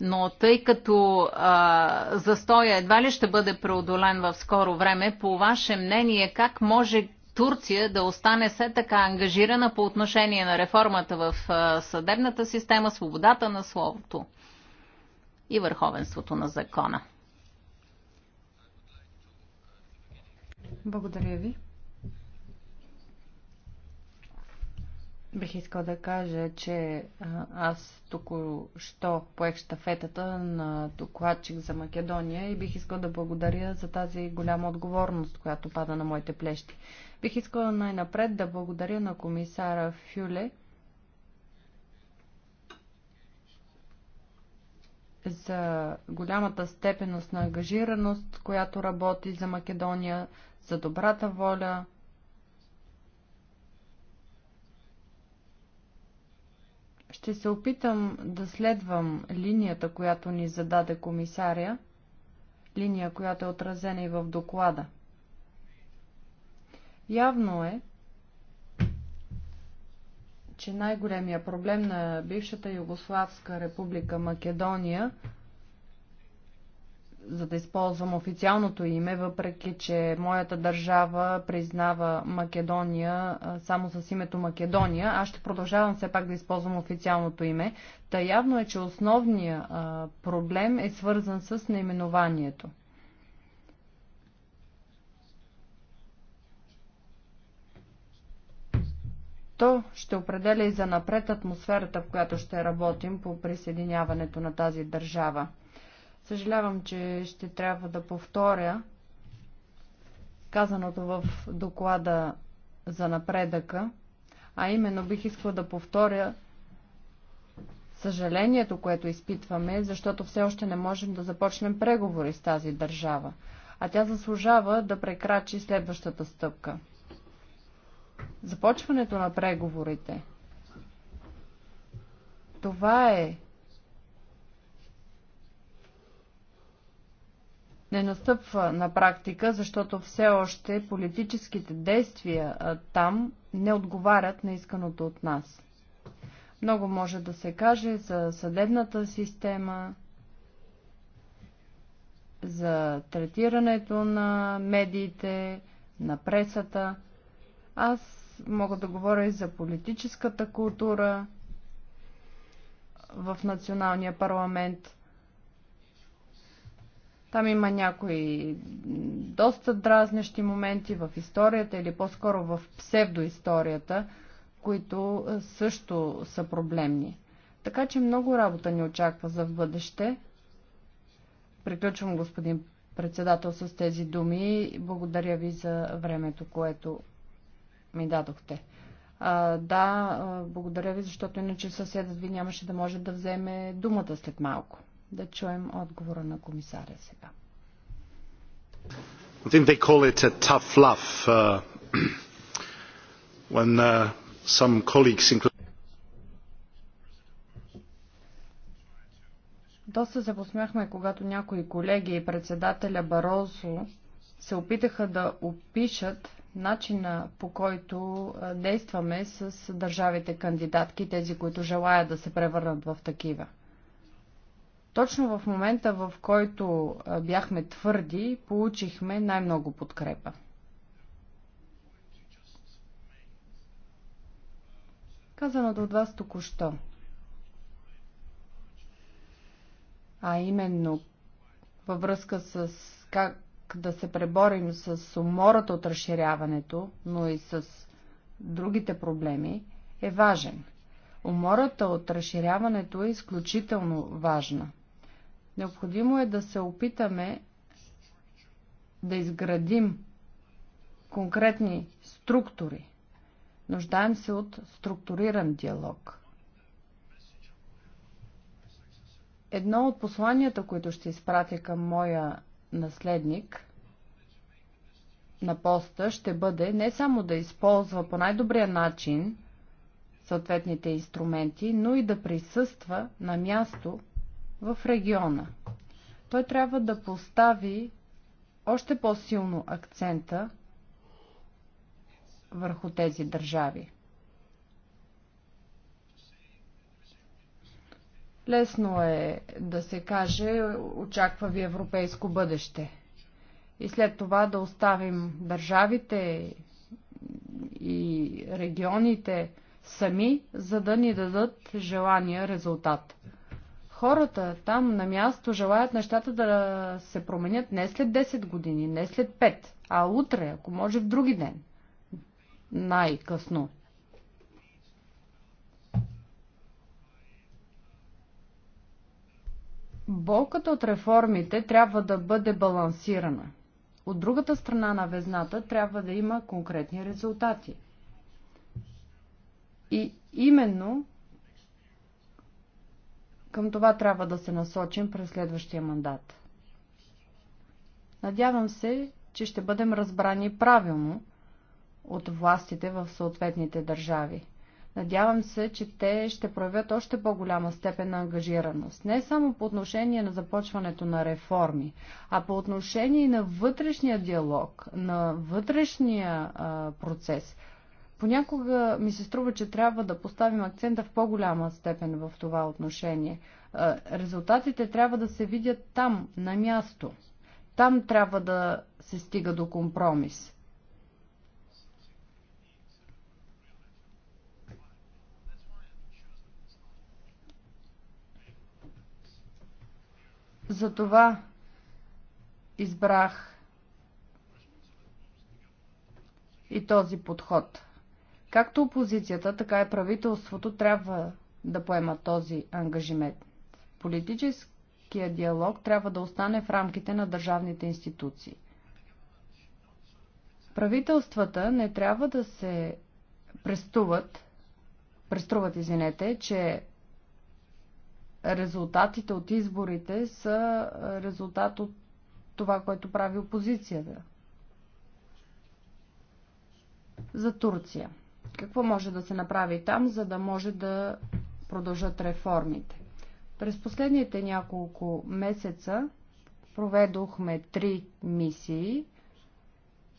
Но тъй като а, застоя едва ли ще бъде преодолен в скоро време, по ваше мнение как може Турция да остане все така ангажирана по отношение на реформата в съдебната система, свободата на словото и върховенството на закона? Благодаря ви. Бих искал да кажа, че аз току-що поех штафетата на докладчик за Македония и бих искал да благодаря за тази голяма отговорност, която пада на моите плещи. Бих искал най-напред да благодаря на комисара Фюле за голямата степеност на ангажираност, която работи за Македония, за добрата воля, Ще се опитам да следвам линията, която ни зададе комисаря, линия, която е отразена и в доклада. Явно е, че най-големия проблем на бившата Югославска република Македония – за да използвам официалното име, въпреки че моята държава признава Македония само с името Македония, аз ще продължавам все пак да използвам официалното име. Та явно е, че основният проблем е свързан с наименованието. то ще определя и за напред атмосферата, в която ще работим по присъединяването на тази държава. Съжалявам, че ще трябва да повторя казаното в доклада за напредъка, а именно бих искала да повторя съжалението, което изпитваме, защото все още не можем да започнем преговори с тази държава, а тя заслужава да прекрачи следващата стъпка. Започването на преговорите. Това е не настъпва на практика, защото все още политическите действия там не отговарят на исканото от нас. Много може да се каже за съдебната система, за третирането на медиите, на пресата. Аз мога да говоря и за политическата култура в националния парламент – там има някои доста дразнещи моменти в историята или по-скоро в псевдоисторията, които е, също са проблемни. Така че много работа ни очаква за в бъдеще. Приключвам, господин председател, с тези думи. Благодаря ви за времето, което ми дадохте. А, да, благодаря ви, защото иначе съседът ви нямаше да може да вземе думата след малко да чуем отговора на комисаря сега. I think they call it a tough love uh, when uh, some colleagues, Доста се посмяхме, когато някои колеги и председателя Барозо се опитаха да опишат начина по който действаме с държавите кандидатки, тези, които желаят да се превърнат в такива. Точно в момента, в който бяхме твърди, получихме най-много подкрепа. Казаното от вас току-що. А именно във връзка с как да се преборим с умората от разширяването, но и с другите проблеми, е важен. Умората от разширяването е изключително важна – Необходимо е да се опитаме да изградим конкретни структури. Нуждаем се от структуриран диалог. Едно от посланията, които ще изпратя към моя наследник на поста, ще бъде не само да използва по най-добрия начин съответните инструменти, но и да присъства на място в региона. Той трябва да постави още по-силно акцента върху тези държави. Лесно е да се каже, очаква ви европейско бъдеще. И след това да оставим държавите и регионите сами, за да ни дадат желания резултат. Хората там на място желаят нещата да се променят не след 10 години, не след 5, а утре, ако може в други ден. Най-късно. Болката от реформите трябва да бъде балансирана. От другата страна на везната трябва да има конкретни резултати. И именно към това трябва да се насочим през следващия мандат. Надявам се, че ще бъдем разбрани правилно от властите в съответните държави. Надявам се, че те ще проявят още по-голяма степен на ангажираност. Не само по отношение на започването на реформи, а по отношение на вътрешния диалог, на вътрешния а, процес – Понякога ми се струва, че трябва да поставим акцента в по-голяма степен в това отношение. Резултатите трябва да се видят там, на място. Там трябва да се стига до компромис. Затова избрах и този подход – Както опозицията, така и правителството трябва да поемат този ангажимент. Политическия диалог трябва да остане в рамките на държавните институции. Правителствата не трябва да се престуват, преструват, извинете, че резултатите от изборите са резултат от това, което прави опозицията. За Турция – какво може да се направи там, за да може да продължат реформите? През последните няколко месеца проведохме три мисии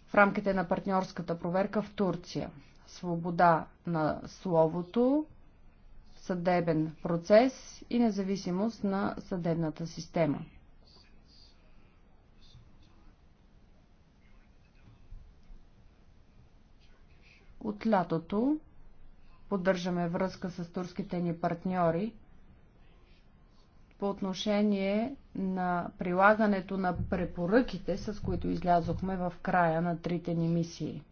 в рамките на партньорската проверка в Турция. Свобода на словото, съдебен процес и независимост на съдебната система. От лятото поддържаме връзка с турските ни партньори по отношение на прилагането на препоръките, с които излязохме в края на трите ни мисии.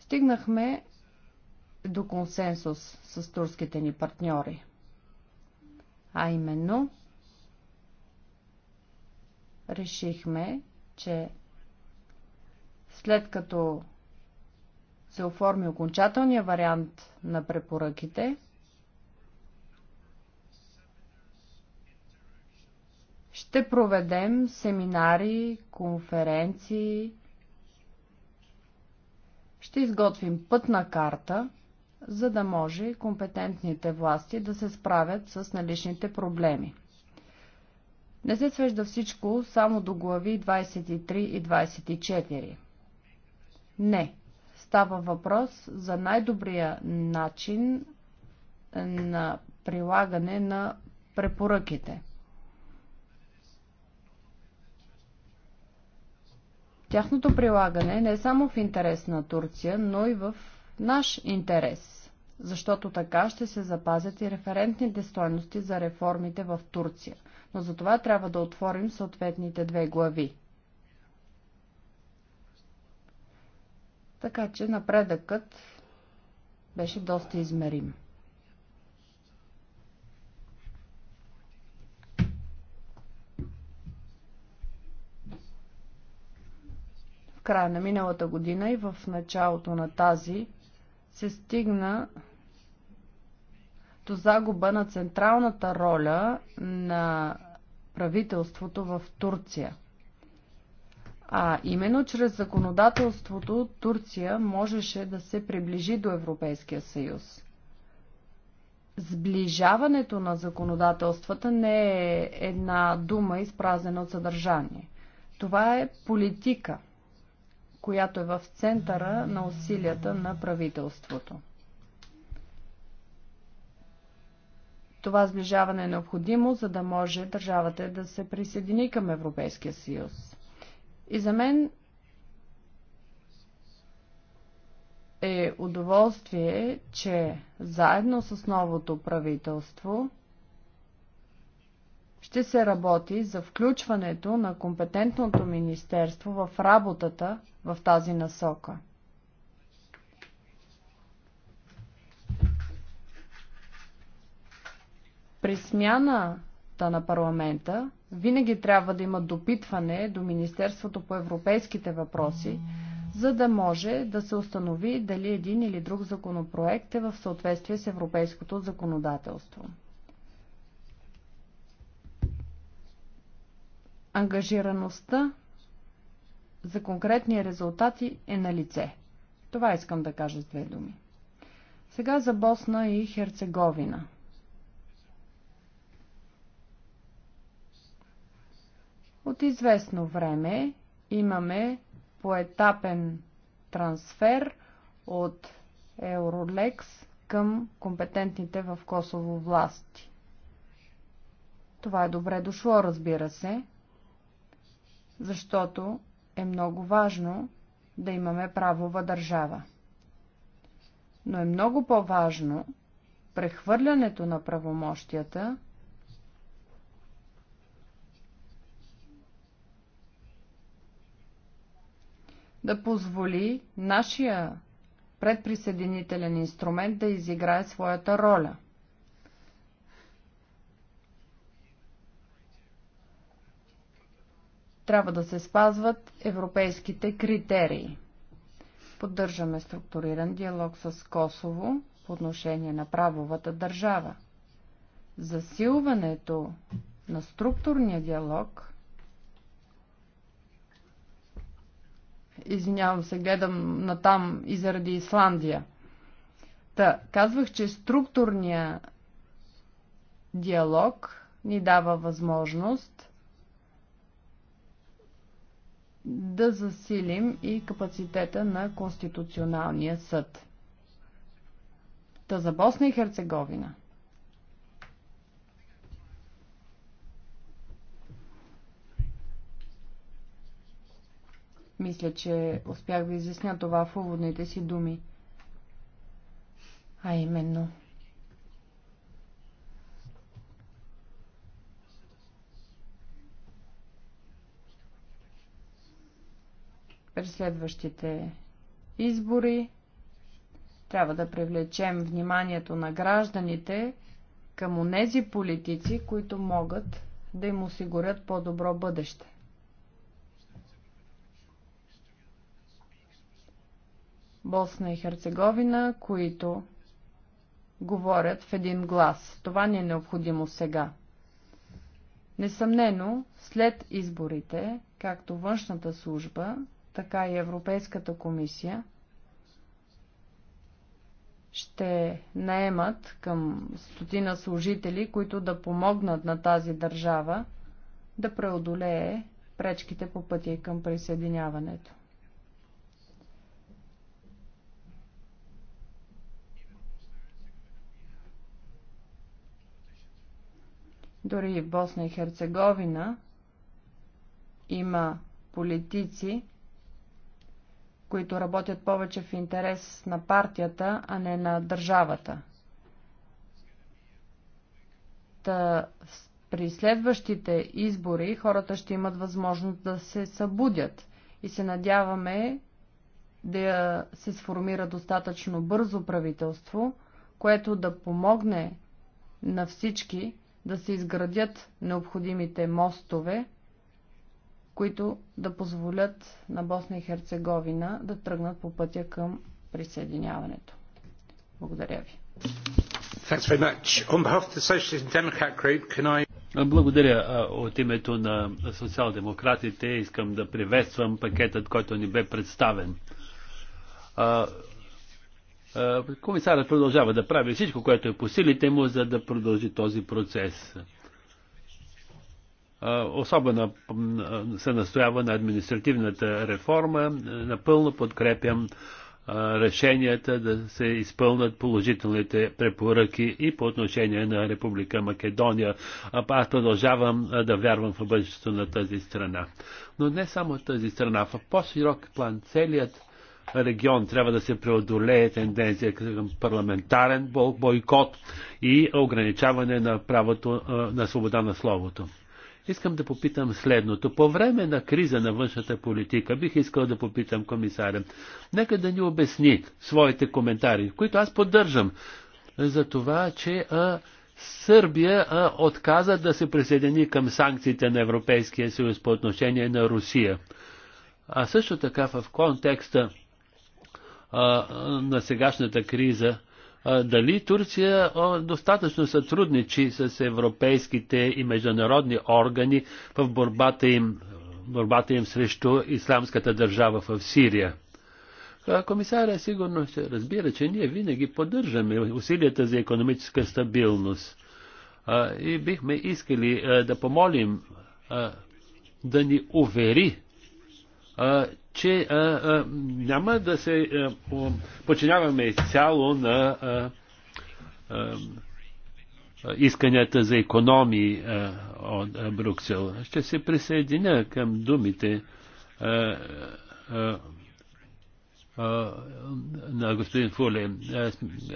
Стигнахме до консенсус с турските ни партньори. А именно, решихме, че след като се оформи окончателния вариант на препоръките, ще проведем семинари, конференции, ще изготвим пътна карта, за да може компетентните власти да се справят с наличните проблеми. Не се свежда всичко само до глави 23 и 24. Не. Става въпрос за най-добрия начин на прилагане на препоръките. Тяхното прилагане не е само в интерес на Турция, но и в наш интерес, защото така ще се запазят и референтните стойности за реформите в Турция. Но за това трябва да отворим съответните две глави. Така че напредъкът беше доста измерим. В края на миналата година и в началото на тази се стигна до загуба на централната роля на правителството в Турция – а именно чрез законодателството Турция можеше да се приближи до Европейския съюз. Сближаването на законодателствата не е една дума изпразена от съдържание. Това е политика, която е в центъра на усилията на правителството. Това сближаване е необходимо, за да може държавата да се присъедини към Европейския съюз. И за мен е удоволствие, че заедно с новото правителство ще се работи за включването на компетентното министерство в работата в тази насока. При смяна работата на парламента винаги трябва да има допитване до Министерството по европейските въпроси, за да може да се установи дали един или друг законопроект е в съответствие с европейското законодателство. Ангажираността за конкретни резултати е на лице. Това искам да кажа с две думи. Сега за Босна и Херцеговина. От известно време имаме поетапен трансфер от Евролекс към компетентните в Косово власти. Това е добре дошло, разбира се, защото е много важно да имаме правова държава. Но е много по-важно прехвърлянето на правомощията – да позволи нашия предприсъединителен инструмент да изиграе своята роля. Трябва да се спазват европейските критерии. Поддържаме структуриран диалог с Косово по отношение на правовата държава. Засилването на структурния диалог Извинявам се, гледам натам и заради Исландия. Та, казвах, че структурния диалог ни дава възможност да засилим и капацитета на Конституционалния съд. Та за Босна и Херцеговина. Мисля, че успях да изясня това в уводните си думи. А именно. През следващите избори трябва да привлечем вниманието на гражданите към онези политици, които могат да им осигурят по-добро бъдеще. Босна и Херцеговина, които говорят в един глас. Това ни е необходимо сега. Несъмнено, след изборите, както външната служба, така и Европейската комисия ще наемат към стотина служители, които да помогнат на тази държава да преодолее пречките по пътя към присъединяването. Дори и в Босна и Херцеговина има политици, които работят повече в интерес на партията, а не на държавата. Та при следващите избори хората ще имат възможност да се събудят и се надяваме да се сформира достатъчно бързо правителство, което да помогне на всички да се изградят необходимите мостове, които да позволят на Босна и Херцеговина да тръгнат по пътя към присъединяването. Благодаря ви. Благодаря. От името на социал-демократите искам да приветствам пакетът, който ни бе представен. Комисарът продължава да прави всичко, което е по силите му, за да продължи този процес. Особено се настоява на административната реформа. Напълно подкрепям решенията да се изпълнат положителните препоръки и по отношение на Република Македония. А Аз продължавам да вярвам в бъдещето на тази страна. Но не само тази страна, в по-широк план целият регион. Трябва да се преодолее тенденция към парламентарен бойкот и ограничаване на правото на свобода на словото. Искам да попитам следното. По време на криза на външната политика бих искал да попитам комисаря. Нека да ни обясни своите коментари, които аз поддържам за това, че а, Сърбия а, отказа да се присъедини към санкциите на Европейския съюз по отношение на Русия. А също така в контекста на сегашната криза. Дали Турция достатъчно сътрудничи с европейските и международни органи в борбата им, борбата им срещу исламската държава в Сирия? Комисаря сигурно ще разбира, че ние винаги поддържаме усилията за економическа стабилност. И бихме искали да помолим да ни увери, че а, а, няма да се а, починяваме изцяло на а, а, исканията за економии а, от а, Бруксел. Ще се присъединя към думите а, а, а, на господин Фуле.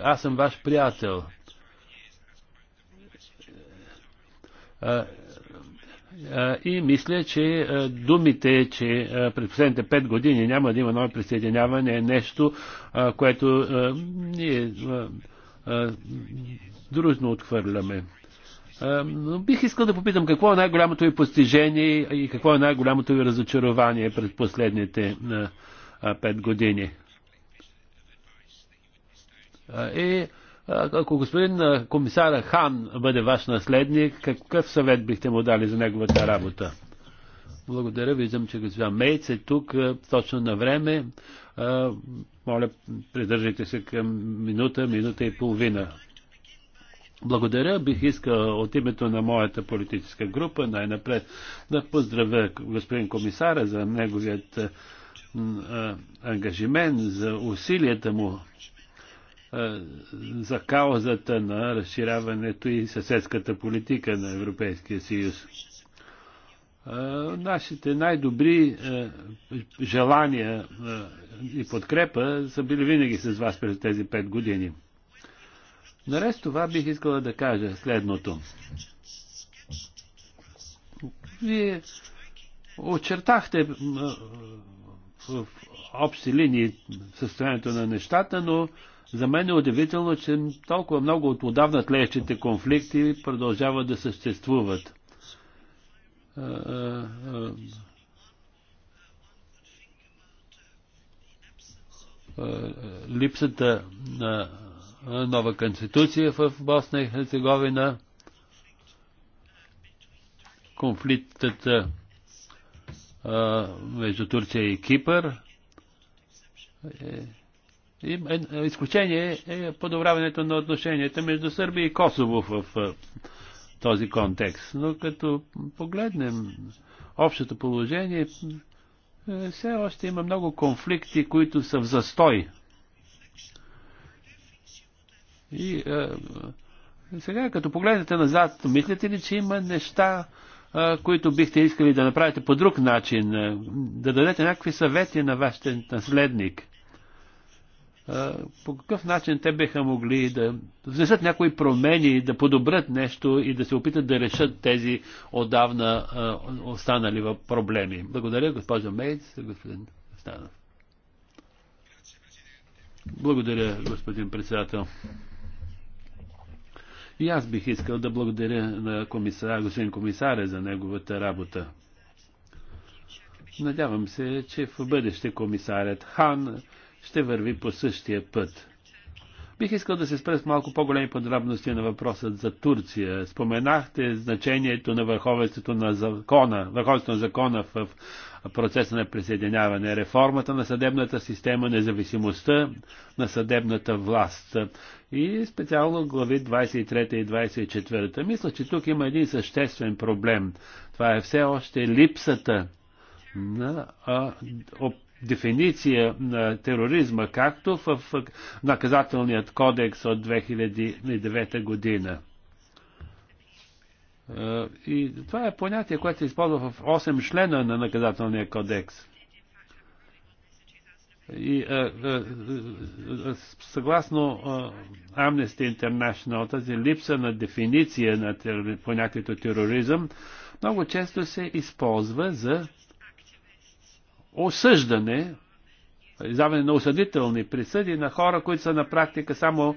Аз съм ваш приятел. А, и мисля, че думите, че през последните пет години няма да има ново присъединяване е нещо, което ние дружно отхвърляме. Но бих искал да попитам какво е най-голямото ви постижение и какво е най-голямото ви разочарование през последните пет години. И ако господин комисар Хан бъде ваш наследник, какъв съвет бихте му дали за неговата работа? Благодаря. Виждам, че госпожа Мейц е тук точно на време. Моля, придържайте се към минута, минута и половина. Благодаря. Бих искал от името на моята политическа група най-напред да поздравя господин комисара за неговият ангажимент, за усилията му за каузата на разширяването и съседската политика на Европейския съюз. Нашите най-добри желания и подкрепа са били винаги с вас през тези пет години. Наред с това бих искала да кажа следното. Вие очертахте в общи линии състоянието на нещата, но за мен е удивително, че толкова много от отдавна тлеещите конфликти продължават да съществуват. Е, е, е, липсата на нова конституция в Босна и Херцеговина, конфликтът между Турция и Кипър, е, изключение е подобряването на отношенията между Сърбия и Косово в този контекст. Но като погледнем общото положение, е, все още има много конфликти, които са в застой. И е, сега, като погледнете назад, мислите ли, че има неща, е, които бихте искали да направите по друг начин, е, да дадете някакви съвети на вашите наследник? по какъв начин те биха могли да внесат някои промени, да подобрят нещо и да се опитат да решат тези отдавна останали проблеми. Благодаря, госпожа Мейц, господин Станов. Благодаря, господин председател. И аз бих искал да благодаря на комисар, господин комисаря за неговата работа. Надявам се, че в бъдеще комисарят Хан ще върви по същия път. Бих искал да се спра с малко по-големи подробности на въпросът за Турция. Споменахте значението на върховенството на закона, върховенството на закона в процеса на присъединяване, реформата на съдебната система, независимостта на съдебната власт и специално глави 23 и 24. Мисля, че тук има един съществен проблем. Това е все още липсата на а, дефиниция на тероризма, както в наказателният кодекс от 2009 година. Е, и това е понятие, което се използва в 8 члена на наказателния кодекс. И а, е, а, е, съгласно а, Amnesty International, тази липса на дефиниция на терори, понятието тероризъм много често се използва за осъждане, издаване на осъдителни присъди на хора, които са на практика само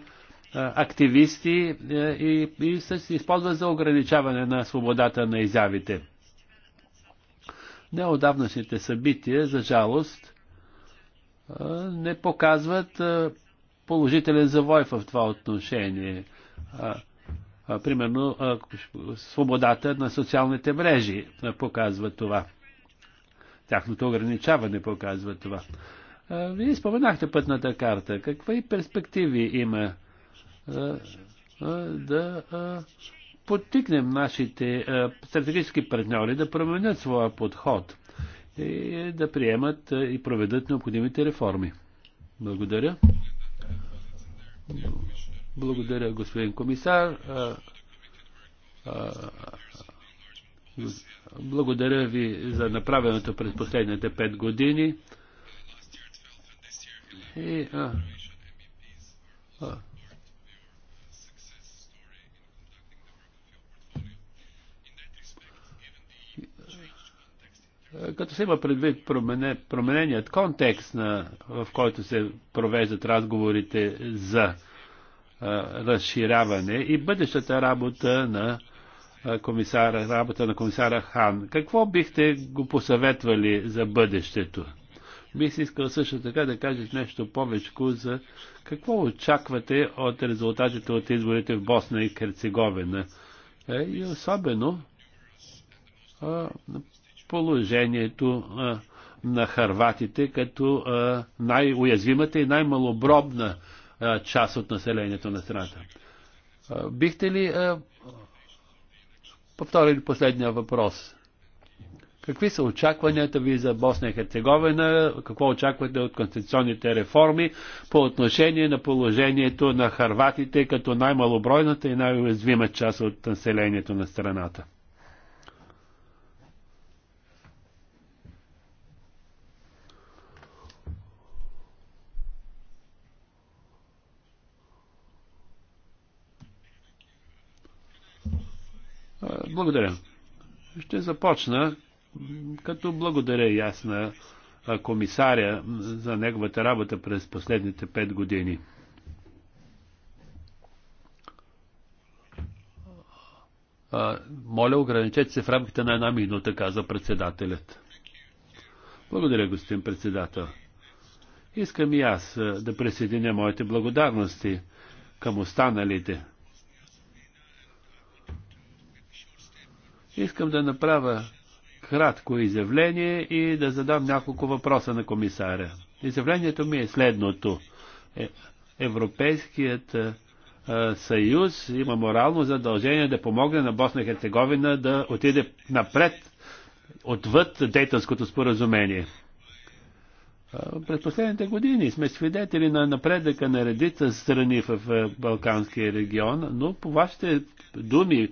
активисти е, и, и се използват за ограничаване на свободата на изявите. Неодавнашните събития, за жалост, е, не показват е, положителен завой в това отношение. Примерно, свободата на социалните мрежи показва това. Тяхното ограничаване показва това. Вие споменахте пътната карта. Какви перспективи има да подтикнем нашите стратегически партньори да променят своя подход и да приемат и проведат необходимите реформи? Благодаря. Благодаря, господин комисар. Благодаря ви за направеното през последните пет години. И, а, а. Като се има предвид промене, промененият контекст, на, в който се провеждат разговорите за а, разширяване и бъдещата работа на комисара, работа на комисара Хан. Какво бихте го посъветвали за бъдещето? Бих искал също така да кажеш нещо повече за какво очаквате от резултатите от изборите в Босна и Херцеговина. Е, и особено положението на харватите като най-уязвимата и най-малобробна част от населението на страната. Бихте ли повторили последния въпрос. Какви са очакванията ви за Босна и Херцеговина? Какво очаквате от конституционните реформи по отношение на положението на харватите като най-малобройната и най-уязвима част от населението на страната? Благодаря. Ще започна като благодаря и аз на комисаря за неговата работа през последните пет години. Моля, ограничете се в рамките на една минута, каза председателят. Благодаря, господин председател. Искам и аз да присъединя моите благодарности към останалите. Искам да направя кратко изявление и да задам няколко въпроса на комисаря. Изявлението ми е следното. Е, Европейският е, съюз има морално задължение да помогне на Босна и Херцеговина да отиде напред, отвъд Дейтълското споразумение. Е, през последните години сме свидетели на напредъка на редица страни в Балканския регион, но по вашите думи,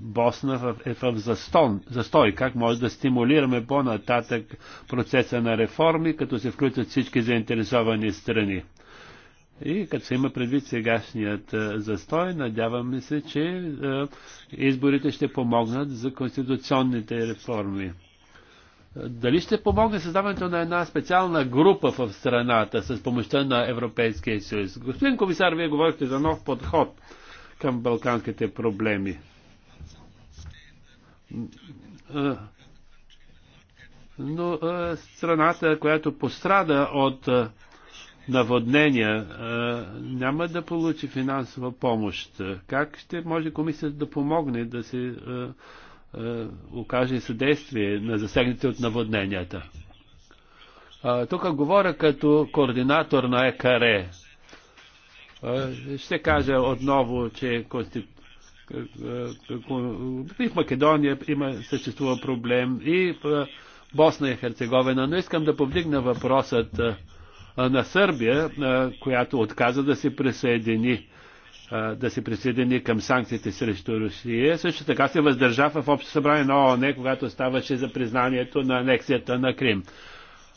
Босна е в застон, застой. Как може да стимулираме по-нататък процеса на реформи, като се включат всички заинтересовани страни. И като се има предвид сегашният застой, надяваме се, че изборите ще помогнат за конституционните реформи. Дали ще помогне създаването на една специална група в страната с помощта на Европейския съюз? Господин комисар, вие говорите за нов подход към балканските проблеми. Но страната, която пострада от наводнения, няма да получи финансова помощ. Как ще може комисията да помогне да се окаже съдействие на засегнатите от наводненията? Тук говоря като координатор на ЕКАРЕ. Ще кажа отново, че и в Македония има, съществува проблем, и в Босна и Херцеговина, но искам да повдигна въпросът на Сърбия, която отказа да се присъедини да се присъедини към санкциите срещу Русия. Също така се въздържа в Общо събрание на ООН, когато ставаше за признанието на анексията на Крим.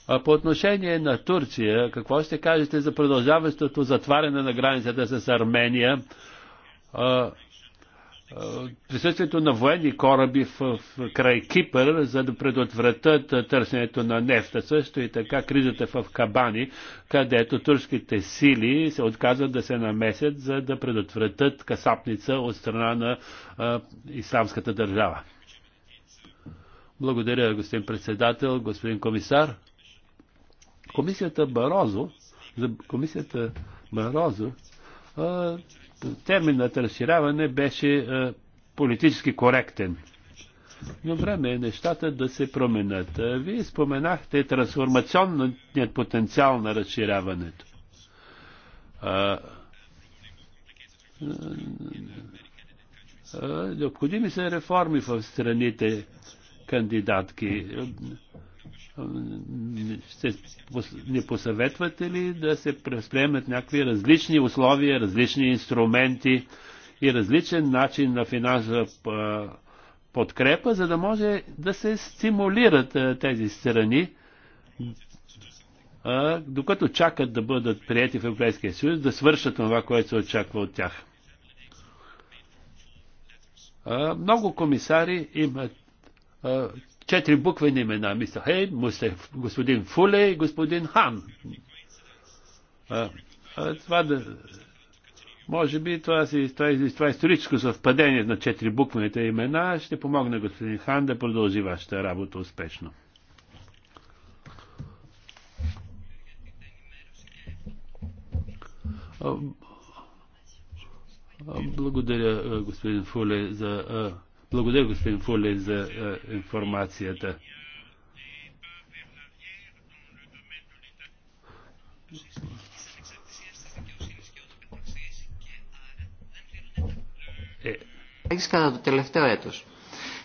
По отношение на Турция, какво ще кажете за продължаващото затваряне на границата с Армения? присъствието на военни кораби в, в край Кипър, за да предотвратят търсенето на нефта. Също и така кризата в Кабани, където турските сили се отказват да се намесят, за да предотвратят касапница от страна на а, исламската държава. Благодаря, господин председател, господин комисар. Комисията Барозо, за комисията Барозо, терминът разширяване беше политически коректен. Но време е нещата да се променят. Вие споменахте трансформационният потенциал на разширяването. Необходими са реформи в страните кандидатки не посъветвате ли да се приемат някакви различни условия, различни инструменти и различен начин на финансова подкрепа, за да може да се стимулират тези страни, докато чакат да бъдат прияти в Европейския съюз, да свършат това, което се очаква от тях. Много комисари имат четири буквени имена. Мистер Хейд, господин Фуле и господин Хан. А, а, това да... Може би това, си, това, е- това е историческо съвпадение на четири буквените имена ще помогне господин Хан да продължи вашата работа успешно. Благодаря, господин Фуле, за благодаря, господин Фуле, за е, информацията. Έχεις κατά το τελευταίο έτος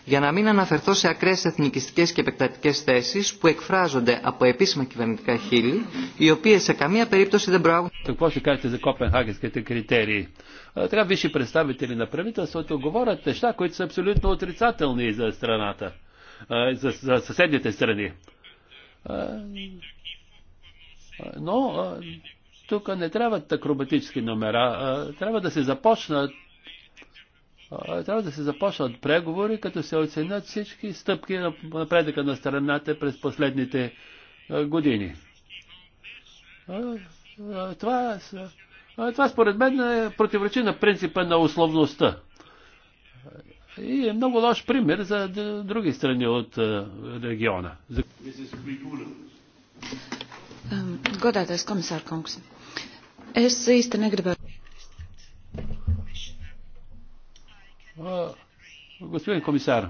για να μην αναφερθώ σε ακραίες εθνικιστικές και επεκτατικές θέσεις που εκφράζονται από επίσημα κυβερνητικά χείλη, οι οποίες σε καμία περίπτωση δεν προάγουν... Το Какво ще кажете за копенхагенските критерии? Така висши представители на правителството говорят неща, които са абсолютно отрицателни за страната, е, за, за съседните страни. Е, но е, тук не трябват акробатически номера, трябва да се започнат трябва да се започнат преговори, като се оценят всички стъпки на напредъка на страната през последните години. Това, това според мен е противоречи на принципа на условността. И е много лош пример за други страни от региона. Godātais komisār kungs, es īsti negribētu. Господин комисар,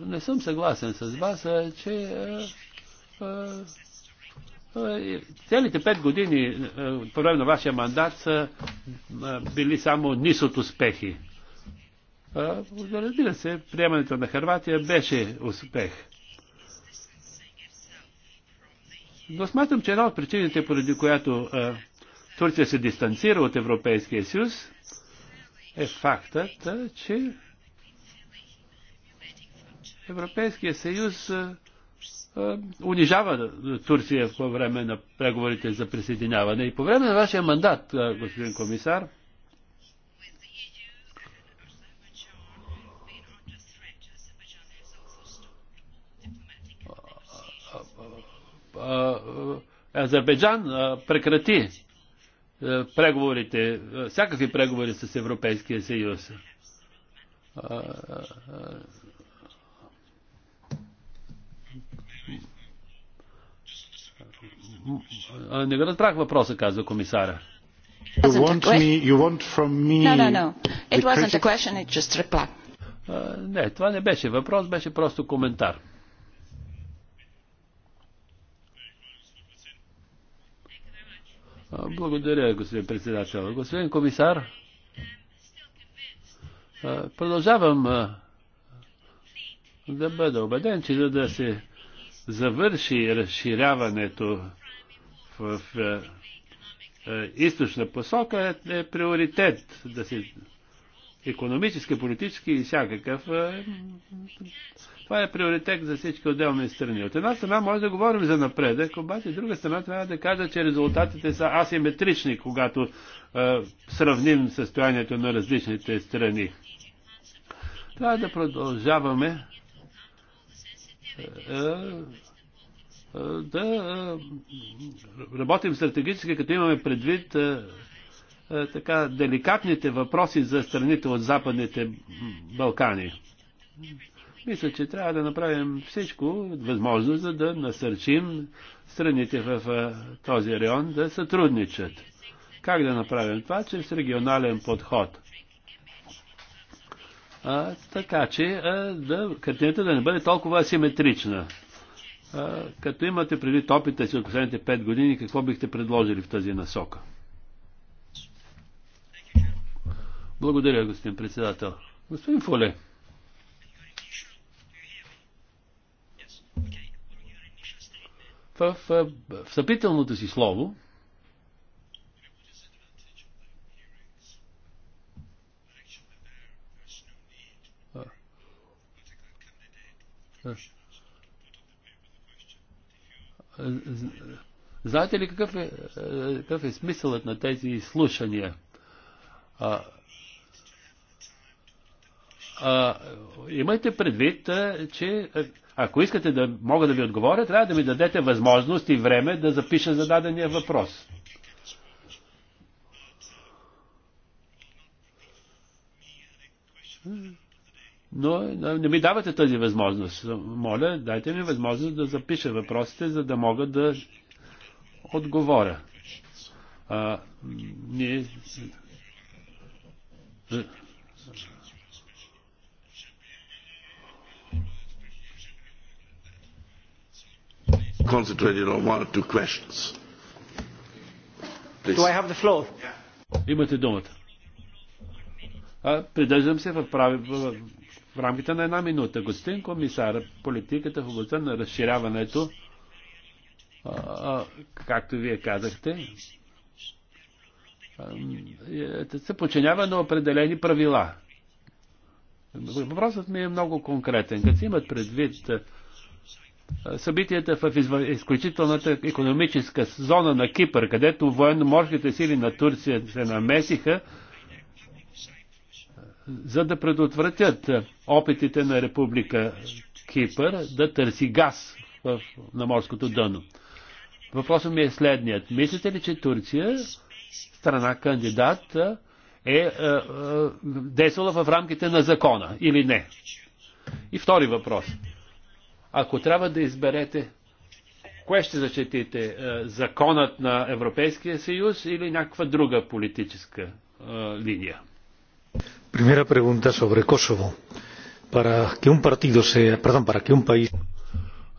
не съм съгласен с вас, че целите пет години по време на вашия мандат са били само низ от успехи. Разбира се, приемането на Харватия беше успех. Но смятам, че една от причините, поради която Турция се дистанцира от Европейския съюз, е фактът, че Европейския съюз унижава Турция по време на преговорите за присъединяване. И по време на вашия мандат, а, господин комисар, Азербайджан прекрати преговорите, всякакви преговори с Европейския съюз. Не го разбрах въпроса, казва комисара. Не, това не беше въпрос, беше просто коментар. Благодаря, господин председател. Господин комисар, продължавам да бъда убеден, че за да се завърши разширяването в източна посока е приоритет да се економически, политически и всякакъв това е приоритет за всички отделни страни. От една страна може да говорим за напредък, обаче от друга страна трябва да кажа, че резултатите са асиметрични, когато е, сравним състоянието на различните страни. Трябва да продължаваме е, е, да е, работим стратегически, като имаме предвид е, е, така деликатните въпроси за страните от Западните Балкани. Мисля, че трябва да направим всичко възможно, за да насърчим страните в този район да сътрудничат. Как да направим това? Чрез регионален подход. А, така че а, да, картината да не бъде толкова асиметрична. А, като имате предвид опита си от последните 5 години, какво бихте предложили в тази насока? Благодаря, господин председател. Господин Фоле. В в, в съпителното си слово Знаете ли какъв е, какъв е смисълът на тези изслушания? А, а, имайте предвид, че ако искате да мога да ви отговоря, трябва да ми дадете възможност и време да запиша зададения въпрос. Но не ми давате тази възможност. Моля, дайте ми възможност да запиша въпросите, за да мога да отговоря. А, ние concentrated on one or two questions. Please. Do I have the floor? Имате думата. Придържам се в, прави, в, рамките на една минута. Господин комисар, политиката в областта на разширяването, както вие казахте, е, е, се подчинява на определени правила. Въпросът ми е много конкретен. Като имат предвид събитията в изключителната економическа зона на Кипър, където военноморските сили на Турция се намесиха, за да предотвратят опитите на Република Кипър да търси газ в, на морското дъно. Въпросът ми е следният. Мислите ли, че Турция, страна кандидат, е, е, е действала в рамките на закона или не? И втори въпрос. Ако трябва да изберете, кое ще защитите? Е, законът на Европейския съюз или някаква друга политическа е, линия? Примера прегунта sobre Косово. Para que un partido se, perdón, para que un país... Е,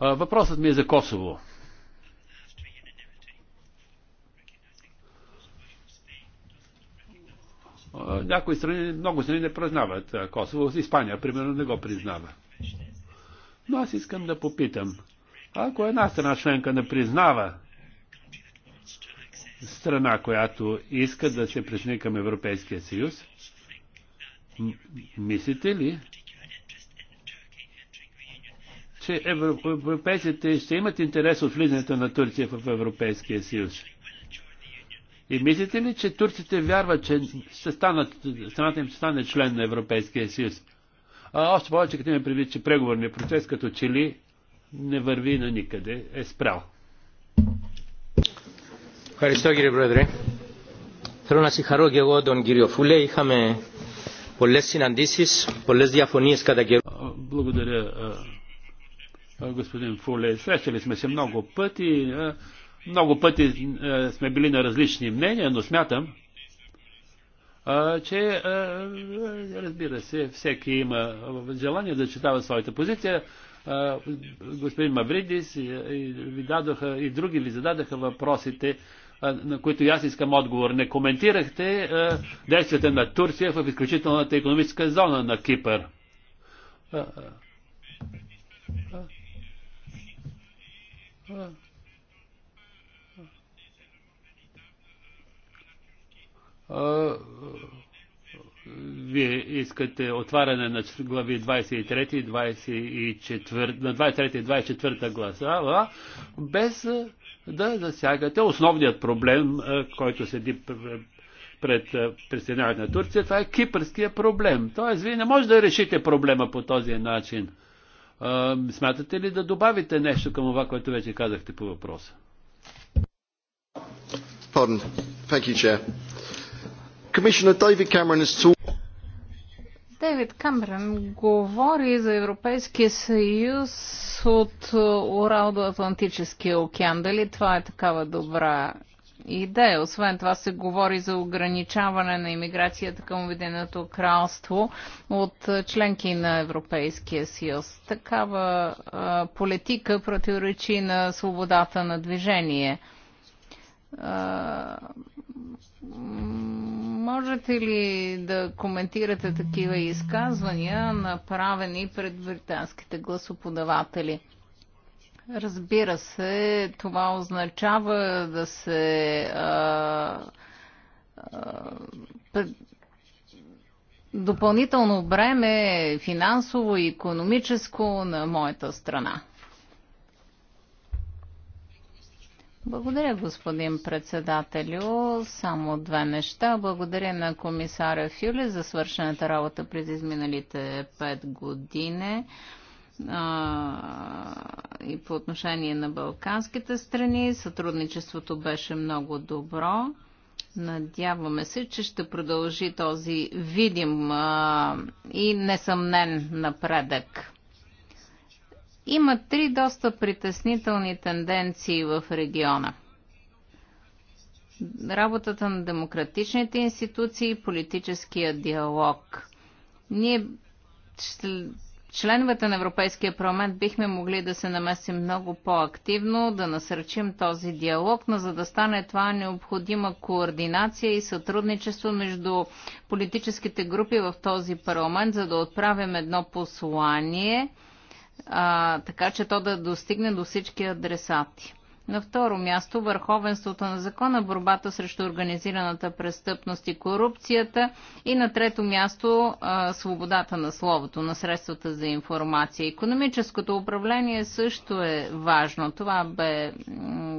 въпросът ми е за Косово. Някои страни, много страни не признават Косово. Испания, примерно, не го признава. Но аз искам да попитам, ако една страна членка не признава страна, която иска да се присъедини към Европейския съюз, мислите ли, че европейците ще имат интерес от влизането на Турция в Европейския съюз? И мислите ли, че турците вярват, че ще станат, страната им ще стане член на Европейския съюз? А, още повече, като има предвид, че преговорният процес като че ли не върви на никъде, е спрял. Ευχαριστώ κύριε Πρόεδρε. Θέλω να συγχαρώ και εγώ τον κύριο Φούλε. Είχαμε πολλέ συναντήσει, πολλέ διαφωνίε κατά καιρό. Благодаря, господин Φούλε. Срещали сме се много пъти. Много пъти сме били на различни мнения, но смятам, а, че а, разбира се, всеки има желание да читава своята позиция. А, господин Мавридис и, и, ви дадоха, и други ви зададаха въпросите, а, на които аз искам отговор. Не коментирахте а, действията на Турция в изключителната економическа зона на Кипър. А, а, а, а. вие искате отваряне на глави 23 24, на 23 24 24 а, без да засягате основният проблем, който седи пред присъединяването на Турция, това е кипърския проблем. Тоест, вие не можете да решите проблема по този начин. Смятате ли да добавите нещо към това, което вече казахте по въпроса? Pardon. Thank you, Chair. Commissioner David Cameron is talking Дейвид Камерън говори за Европейския съюз от е, Урал до Атлантическия океан. Дали това е такава добра идея? Освен това се говори за ограничаване на иммиграцията към Обединеното кралство от е, членки на Европейския съюз. Такава а, е, политика противоречи на свободата на движение. А, Можете ли да коментирате такива изказвания, направени пред британските гласоподаватели? Разбира се, това означава да се а, а, допълнително бреме финансово и економическо на моята страна. Благодаря, господин председателю. Само две неща. Благодаря на комисара Фюле за свършената работа през изминалите пет години и по отношение на балканските страни. Сътрудничеството беше много добро. Надяваме се, че ще продължи този видим а, и несъмнен напредък. Има три доста притеснителни тенденции в региона. Работата на демократичните институции и политическия диалог. Ние, членовете на Европейския парламент, бихме могли да се намесим много по-активно, да насърчим този диалог, но за да стане това необходима координация и сътрудничество между политическите групи в този парламент, за да отправим едно послание – а, така че то да достигне до всички адресати. На второ място върховенството на закона, борбата срещу организираната престъпност и корупцията. И на трето място а, свободата на словото, на средствата за информация. Економическото управление също е важно. Това бе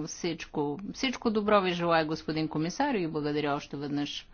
всичко. Всичко добро ви желая, господин комисар, и благодаря още веднъж.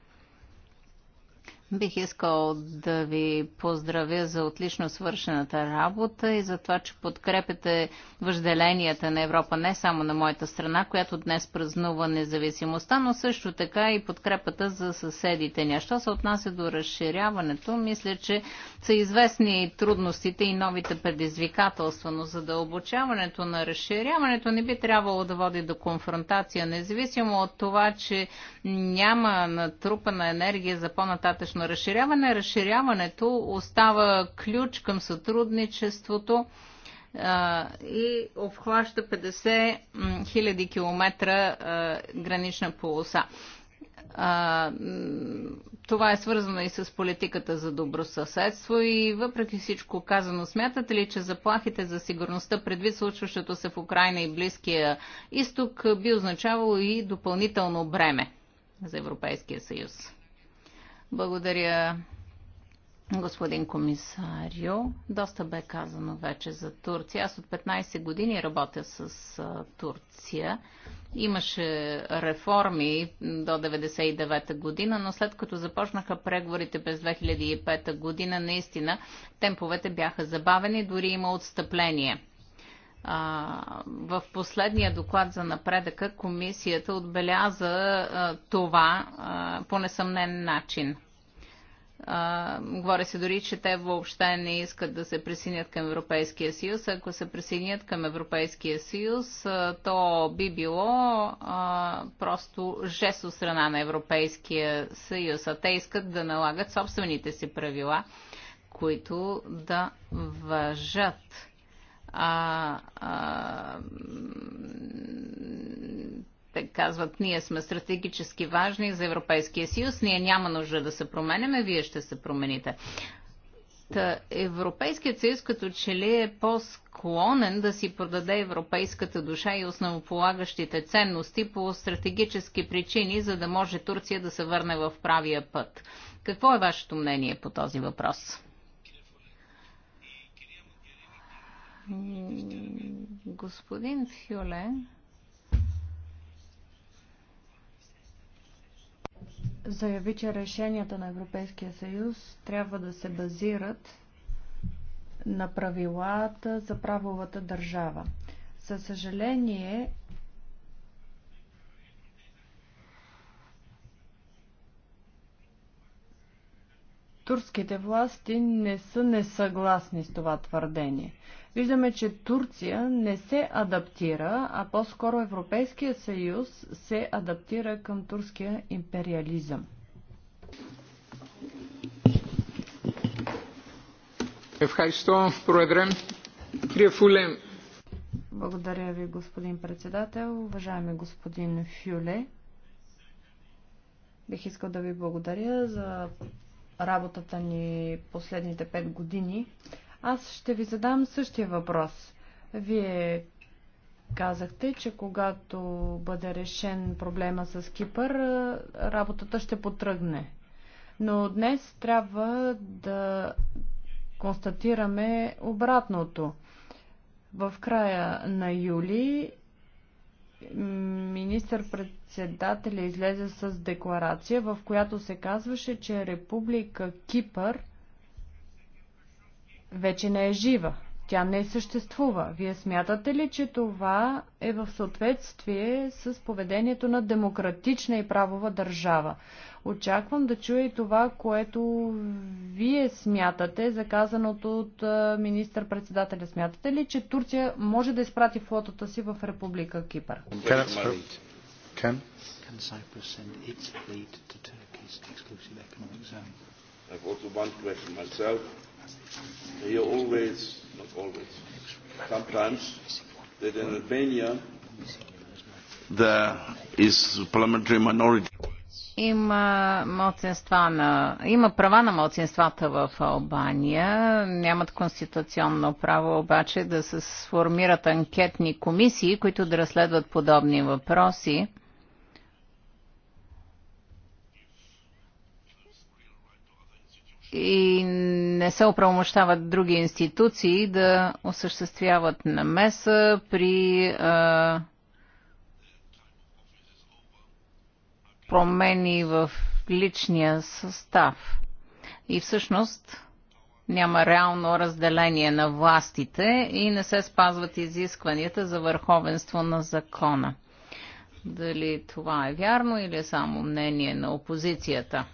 Бих искал да ви поздравя за отлично свършената работа и за това, че подкрепяте въжделенията на Европа не само на моята страна, която днес празнува независимостта, но също така и подкрепата за съседите ни. Що се отнася до разширяването, мисля, че са известни и трудностите и новите предизвикателства, но задълбочаването на разширяването не би трябвало да води до конфронтация, независимо от това, че няма натрупана енергия за по-нататъчно на разширяване. Разширяването остава ключ към сътрудничеството и обхваща 50 000 км гранична полоса. Това е свързано и с политиката за добросъседство и въпреки всичко казано, смятате ли, че заплахите за сигурността предвид случващото се в Украина и Близкия изток би означавало и допълнително бреме за Европейския съюз? Благодаря, господин комисарио. Доста бе казано вече за Турция. Аз от 15 години работя с Турция. Имаше реформи до 1999 година, но след като започнаха преговорите през 2005 година, наистина темповете бяха забавени, дори има отстъпление в последния доклад за напредъка комисията отбеляза това по несъмнен начин. говоря се дори, че те въобще не искат да се присъединят към Европейския съюз. Ако се присъединят към Европейския съюз, то би било просто жест от страна на Европейския съюз. А те искат да налагат собствените си правила, които да въжат а, а, те казват, ние сме стратегически важни за Европейския съюз, ние няма нужда да се променяме, вие ще се промените. Та, Европейският съюз като че ли е по-склонен да си продаде европейската душа и основополагащите ценности по стратегически причини, за да може Турция да се върне в правия път. Какво е вашето мнение по този въпрос? Господин Фюле, заяви, че решенията на Европейския съюз трябва да се базират на правилата за правовата държава. Със съжаление, турските власти не са несъгласни с това твърдение. Виждаме, че Турция не се адаптира, а по-скоро Европейския съюз се адаптира към турския империализъм. Благодаря ви, господин председател. Уважаеми господин Фюле, бих искал да ви благодаря за работата ни последните пет години. Аз ще ви задам същия въпрос. Вие казахте, че когато бъде решен проблема с Кипър, работата ще потръгне. Но днес трябва да констатираме обратното. В края на юли министър-председателя излезе с декларация, в която се казваше, че Република Кипър – вече не е жива. Тя не съществува. Вие смятате ли, че това е в съответствие с поведението на демократична и правова държава? Очаквам да чуя и това, което вие смятате, заказаното от министър-председателя. Смятате ли, че Турция може да изпрати флотата си в Република Кипър? Can I have also one question myself. I hear always, not always, sometimes that in Albania there is parliamentary minority. Има, на, има права на младсинствата в Албания. Нямат конституционно право обаче да се сформират анкетни комисии, които да разследват подобни въпроси. и не се оправомощават други институции да осъществяват намеса при а, промени в личния състав. И всъщност няма реално разделение на властите и не се спазват изискванията за върховенство на закона. Дали това е вярно или е само мнение на опозицията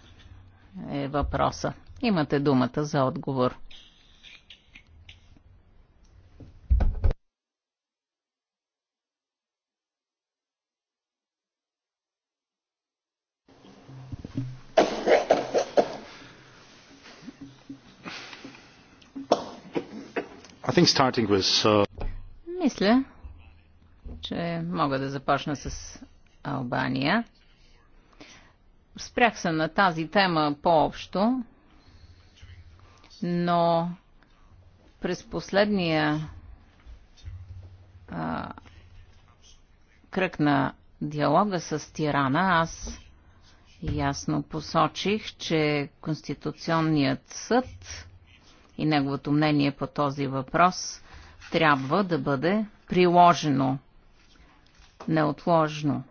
е въпроса. Имате думата за отговор. Uh, Мисля, че мога да започна с Албания. Спрях се на тази тема по-общо, но през последния а, кръг на диалога с Тирана аз ясно посочих, че Конституционният съд и неговото мнение по този въпрос трябва да бъде приложено неотложно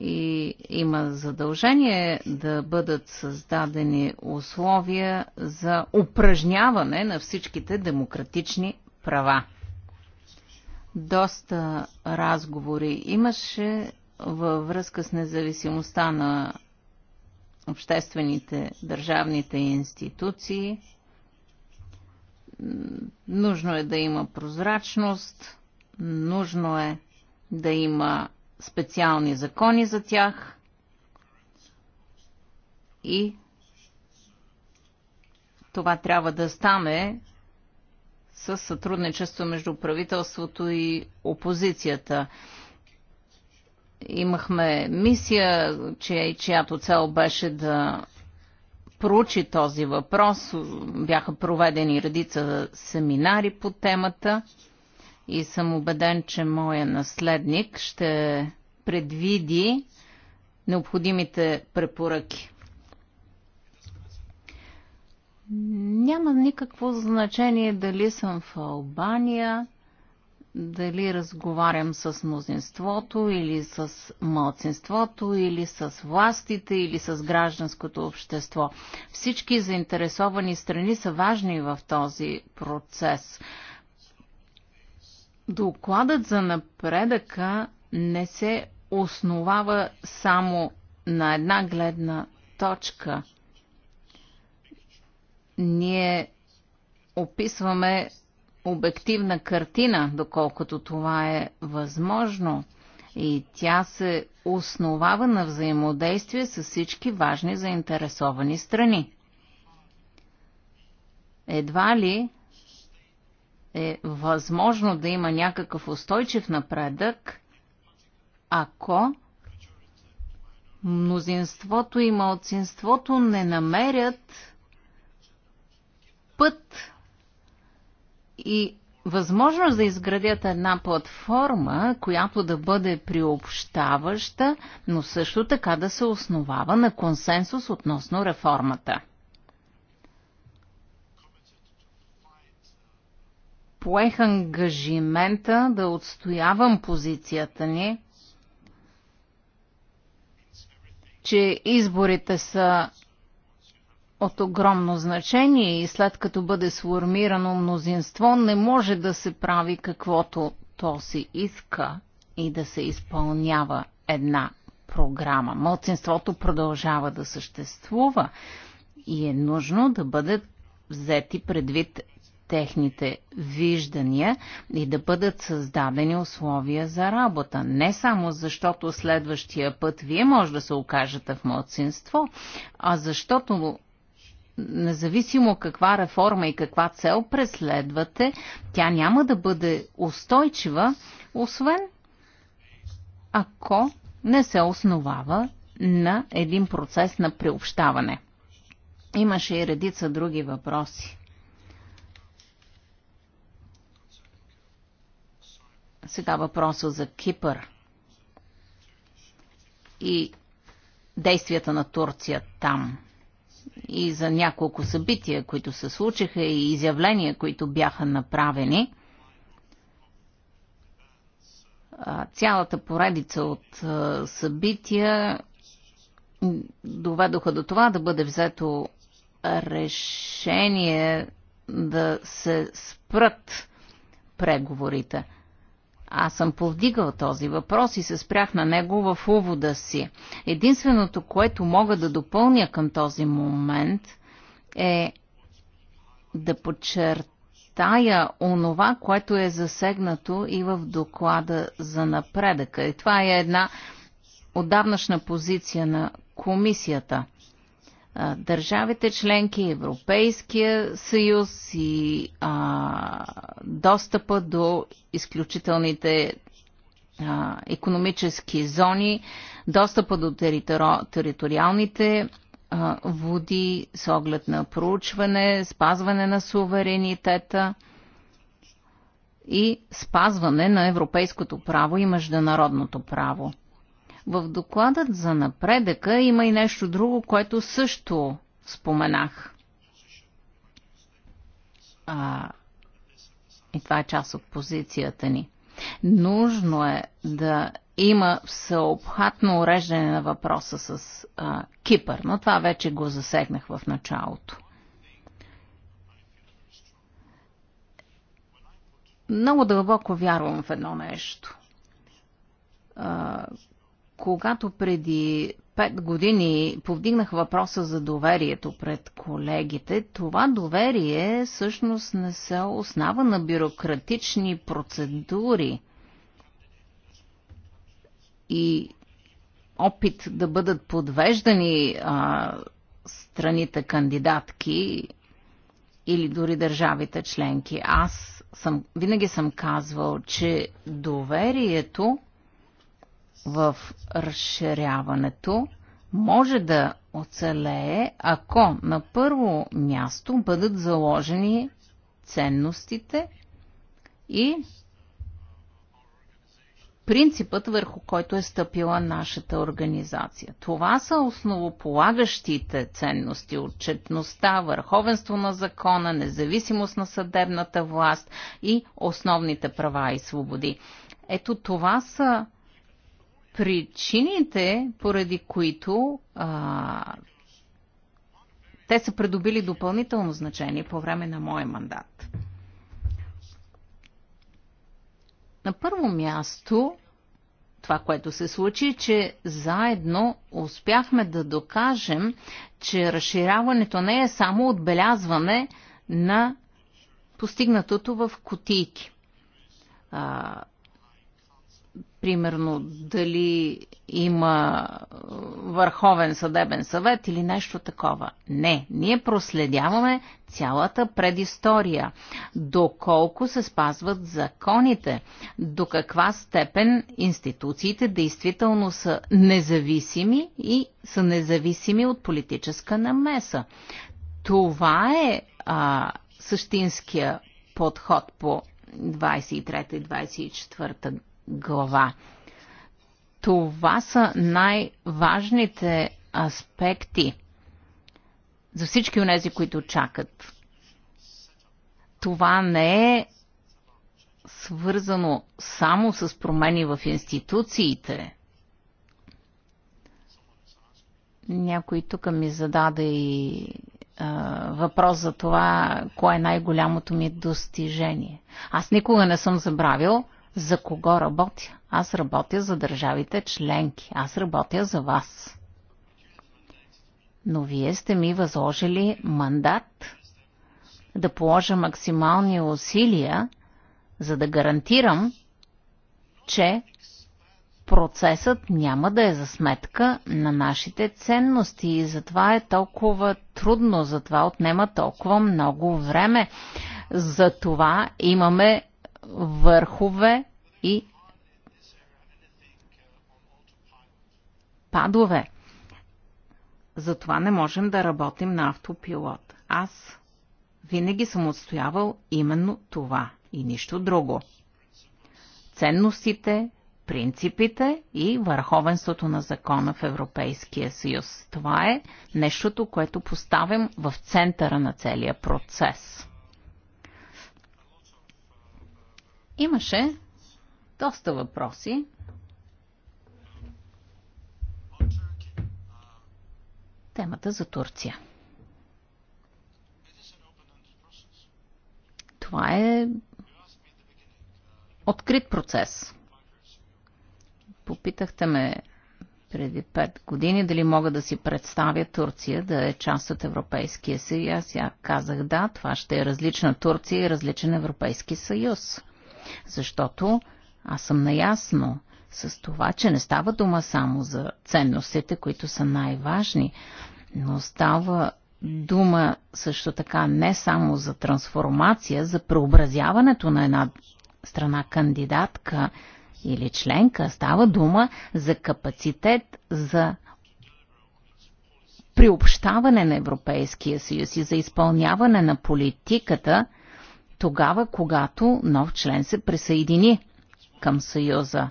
и има задължение да бъдат създадени условия за упражняване на всичките демократични права. Доста разговори имаше във връзка с независимостта на обществените държавните институции. Нужно е да има прозрачност, нужно е да има специални закони за тях и това трябва да стане с сътрудничество между правителството и опозицията. Имахме мисия, чия, чиято цел беше да проучи този въпрос. Бяха проведени редица семинари по темата и съм убеден, че моя наследник ще предвиди необходимите препоръки. Няма никакво значение дали съм в Албания, дали разговарям с мнозинството или с малцинството или с властите или с гражданското общество. Всички заинтересовани страни са важни в този процес. Докладът за напредъка не се основава само на една гледна точка. Ние описваме обективна картина, доколкото това е възможно, и тя се основава на взаимодействие с всички важни заинтересовани страни. Едва ли е възможно да има някакъв устойчив напредък, ако мнозинството и малцинството не намерят път и възможност да изградят една платформа, която да бъде приобщаваща, но също така да се основава на консенсус относно реформата. поех ангажимента да отстоявам позицията ни, че изборите са от огромно значение и след като бъде сформирано мнозинство, не може да се прави каквото то си иска и да се изпълнява една програма. Мълцинството продължава да съществува и е нужно да бъдат взети предвид техните виждания и да бъдат създадени условия за работа. Не само защото следващия път вие може да се окажете в младсинство, а защото независимо каква реформа и каква цел преследвате, тя няма да бъде устойчива, освен ако не се основава на един процес на приобщаване. Имаше и редица други въпроси. Сега въпроса за Кипър и действията на Турция там и за няколко събития, които се случиха и изявления, които бяха направени. Цялата поредица от събития доведоха до това да бъде взето решение да се спрат преговорите – аз съм повдигал този въпрос и се спрях на него в увода си. Единственото, което мога да допълня към този момент е да подчертая онова, което е засегнато и в доклада за напредъка. И това е една отдавнашна позиция на комисията – държавите членки, Европейския съюз и а, достъпа до изключителните а, економически зони, достъпа до територи... териториалните а, води с оглед на проучване, спазване на суверенитета и спазване на европейското право и международното право. В докладът за напредъка има и нещо друго, което също споменах. А, и това е част от позицията ни. Нужно е да има всеобхватно уреждане на въпроса с а, Кипър, но това вече го засегнах в началото. Много дълбоко вярвам в едно нещо. А, когато преди пет години повдигнах въпроса за доверието пред колегите, това доверие всъщност не се основа на бюрократични процедури и опит да бъдат подвеждани а, страните кандидатки или дори държавите членки. Аз съм, винаги съм казвал, че доверието в разширяването може да оцелее, ако на първо място бъдат заложени ценностите и принципът, върху който е стъпила нашата организация. Това са основополагащите ценности отчетността, върховенство на закона, независимост на съдебната власт и основните права и свободи. Ето това са причините, поради които а, те са придобили допълнително значение по време на моя мандат. На първо място, това, което се случи, е, че заедно успяхме да докажем, че разширяването не е само отбелязване на постигнатото в котийки примерно дали има е, върховен съдебен съвет или нещо такова. Не, ние проследяваме цялата предистория, доколко се спазват законите, до каква степен институциите действително са независими и са независими от политическа намеса. Това е а, същинския подход по 23 24 24 глава. Това са най-важните аспекти за всички онези, които чакат. Това не е свързано само с промени в институциите. Някой тук ми зададе и а, въпрос за това, кое е най-голямото ми достижение. Аз никога не съм забравил, за кого работя? Аз работя за държавите членки. Аз работя за вас. Но вие сте ми възложили мандат да положа максимални усилия, за да гарантирам, че процесът няма да е за сметка на нашите ценности и затова е толкова трудно, затова отнема толкова много време. Затова имаме върхове и падове. Затова не можем да работим на автопилот. Аз винаги съм отстоявал именно това и нищо друго. Ценностите, принципите и върховенството на закона в Европейския съюз. Това е нещото, което поставям в центъра на целия процес. Имаше доста въпроси. Темата за Турция. Това е открит процес. Попитахте ме преди пет години дали мога да си представя Турция да е част от Европейския съюз. Аз казах да, това ще е различна Турция и различен Европейски съюз. Защото аз съм наясно с това, че не става дума само за ценностите, които са най-важни, но става дума също така не само за трансформация, за преобразяването на една страна кандидатка или членка, става дума за капацитет за приобщаване на Европейския съюз и за изпълняване на политиката тогава, когато нов член се присъедини към Съюза.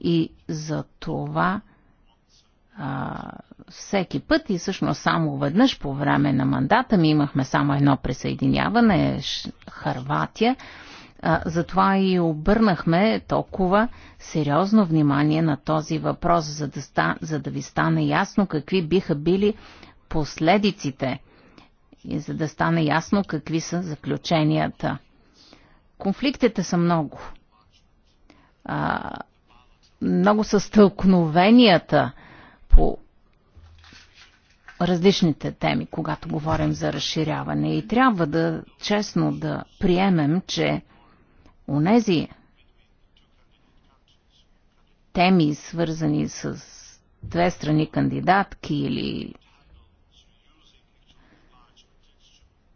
И за това а, всеки път и всъщност само веднъж по време на мандата ми имахме само едно присъединяване Харватия. А, затова и обърнахме толкова сериозно внимание на този въпрос, за да, ста, за да ви стане ясно какви биха били последиците и за да стане ясно какви са заключенията. Конфликтите са много – а, много са стълкновенията по различните теми, когато говорим за разширяване. И трябва да честно да приемем, че унези теми, свързани с две страни кандидатки или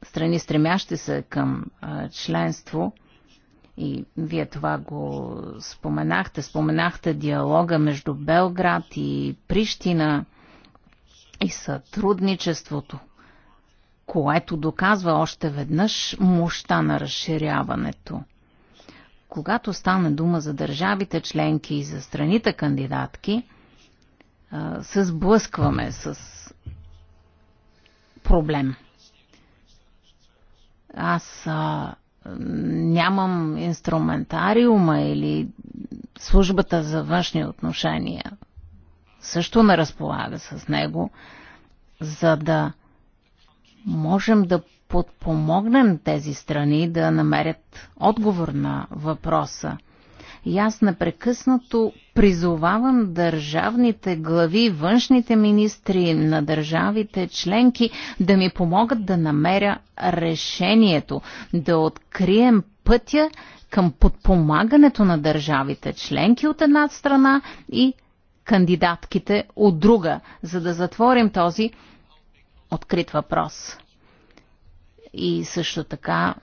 страни стремящи се към а, членство – и вие това го споменахте, споменахте диалога между Белград и Прищина и сътрудничеството, което доказва още веднъж мощта на разширяването. Когато стане дума за държавите членки и за страните кандидатки, се сблъскваме с проблем. Аз а, нямам инструментариума или службата за външни отношения също не разполага с него, за да можем да подпомогнем тези страни да намерят отговор на въпроса. И аз непрекъснато призовавам държавните глави, външните министри на държавите членки да ми помогат да намеря решението, да открием пътя към подпомагането на държавите членки от една страна и кандидатките от друга, за да затворим този открит въпрос. И също така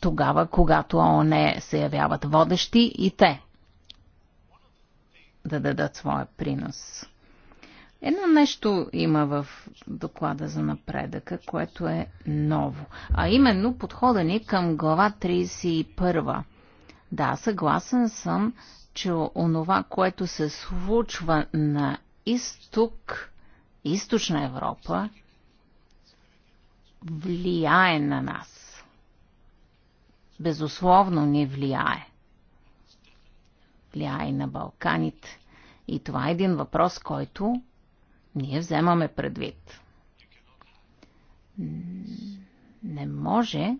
тогава, когато ООН се явяват водещи и те да дадат своя принос. Едно нещо има в доклада за напредъка, което е ново, а именно подхода ни към глава 31. Да, съгласен съм, че онова, което се случва на изток, източна Европа, влияе на нас. Безусловно ни влияе влияе на Балканите. И това е един въпрос, който ние вземаме предвид. Не може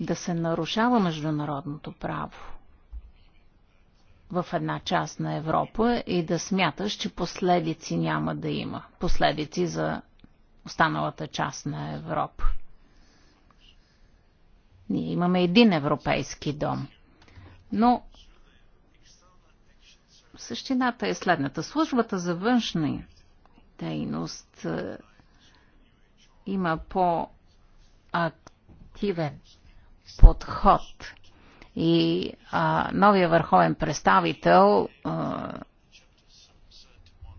да се нарушава международното право в една част на Европа и да смяташ, че последици няма да има. Последици за останалата част на Европа. Ние имаме един европейски дом. Но същината е следната. Службата за външна дейност е, има по-активен подход и а, новия върховен представител а, е,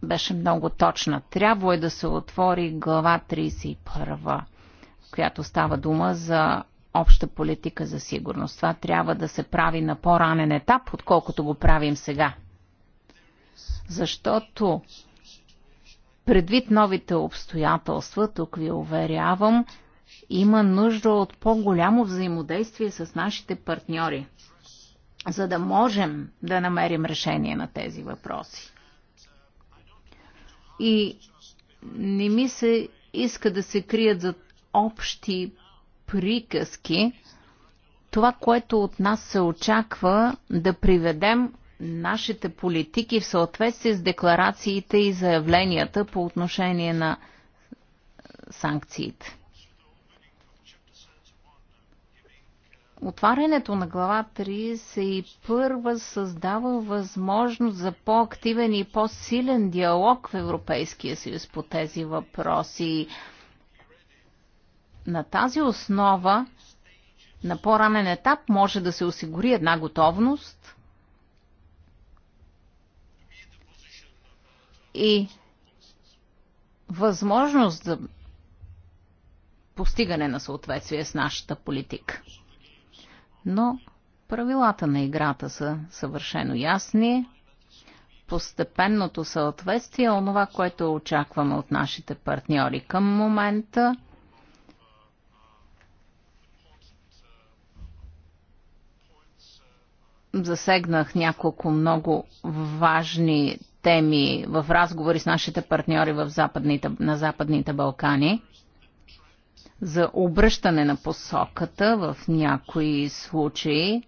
беше много точна. Трябва е да се отвори глава 31, в която става дума за обща политика за сигурност. Това трябва да се прави на по-ранен етап, отколкото го правим сега. Защото предвид новите обстоятелства, тук ви уверявам, има нужда от по-голямо взаимодействие с нашите партньори, за да можем да намерим решение на тези въпроси. И не ми се иска да се крият за общи приказки. Това, което от нас се очаква да приведем нашите политики в съответствие с декларациите и заявленията по отношение на санкциите. Отварянето на глава 31 създава възможност за по-активен и по-силен диалог в Европейския съюз по тези въпроси на тази основа на по-ранен етап може да се осигури една готовност и възможност за постигане на съответствие с нашата политика. Но правилата на играта са съвършено ясни. Постепенното съответствие е онова, което очакваме от нашите партньори към момента – засегнах няколко много важни теми в разговори с нашите партньори в западните, на Западните Балкани за обръщане на посоката в някои случаи.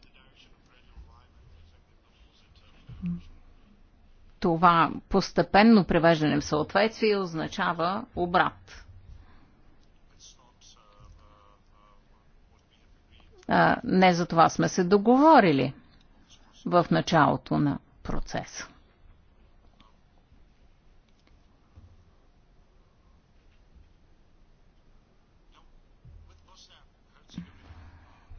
Това постепенно привеждане в съответствие означава обрат. не за това сме се договорили в началото на процеса.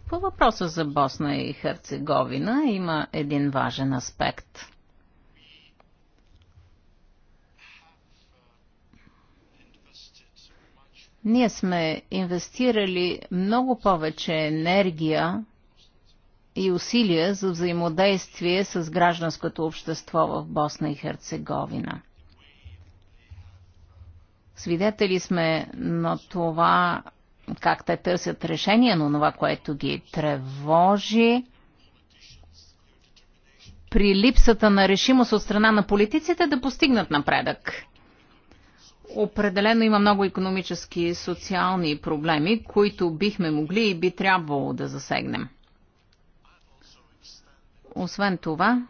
По въпроса за Босна и Херцеговина има един важен аспект. Ние сме инвестирали много повече енергия и усилия за взаимодействие с гражданското общество в Босна и Херцеговина. Свидетели сме на това, как те търсят решение на това, което ги тревожи. При липсата на решимост от страна на политиците да постигнат напредък. Определено има много економически и социални проблеми, които бихме могли и би трябвало да засегнем. Освен това,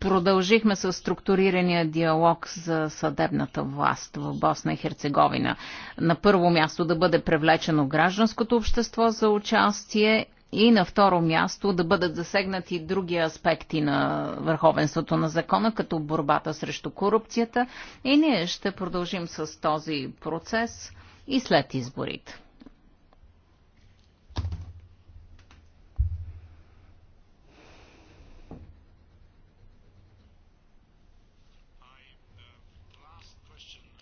продължихме с структурирания диалог за съдебната власт в Босна и Херцеговина. На първо място да бъде привлечено гражданското общество за участие и на второ място да бъдат засегнати други аспекти на върховенството на закона, като борбата срещу корупцията. И ние ще продължим с този процес и след изборите.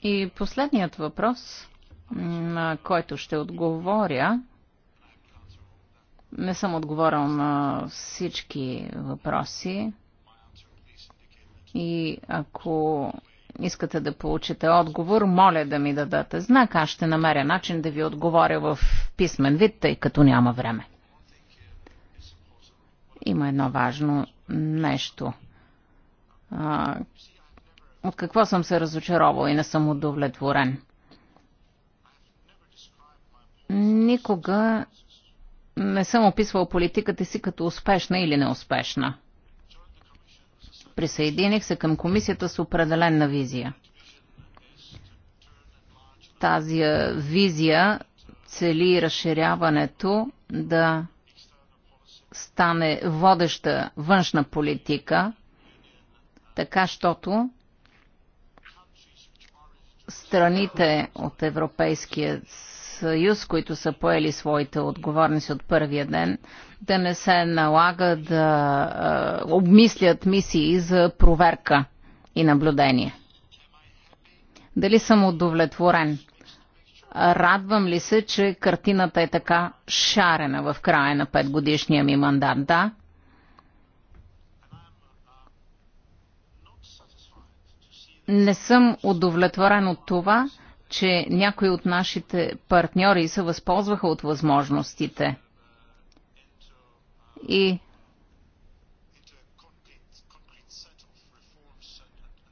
И последният въпрос, на който ще отговоря, не съм отговорил на всички въпроси. И ако искате да получите отговор, моля да ми дадете знак. Аз ще намеря начин да ви отговоря в писмен вид, тъй като няма време. Има едно важно нещо, от какво съм се разочаровал и не съм удовлетворен? Никога не съм описвал политиката си като успешна или неуспешна. Присъединих се към комисията с определена визия. Тази визия цели разширяването да стане водеща външна политика, така щото страните от Европейския съюз, които са поели своите отговорности от първия ден, да не се налага да обмислят мисии за проверка и наблюдение. Дали съм удовлетворен? Радвам ли се, че картината е така шарена в края на петгодишния ми мандат? Да, не съм удовлетворен от това, че някои от нашите партньори се възползваха от възможностите. И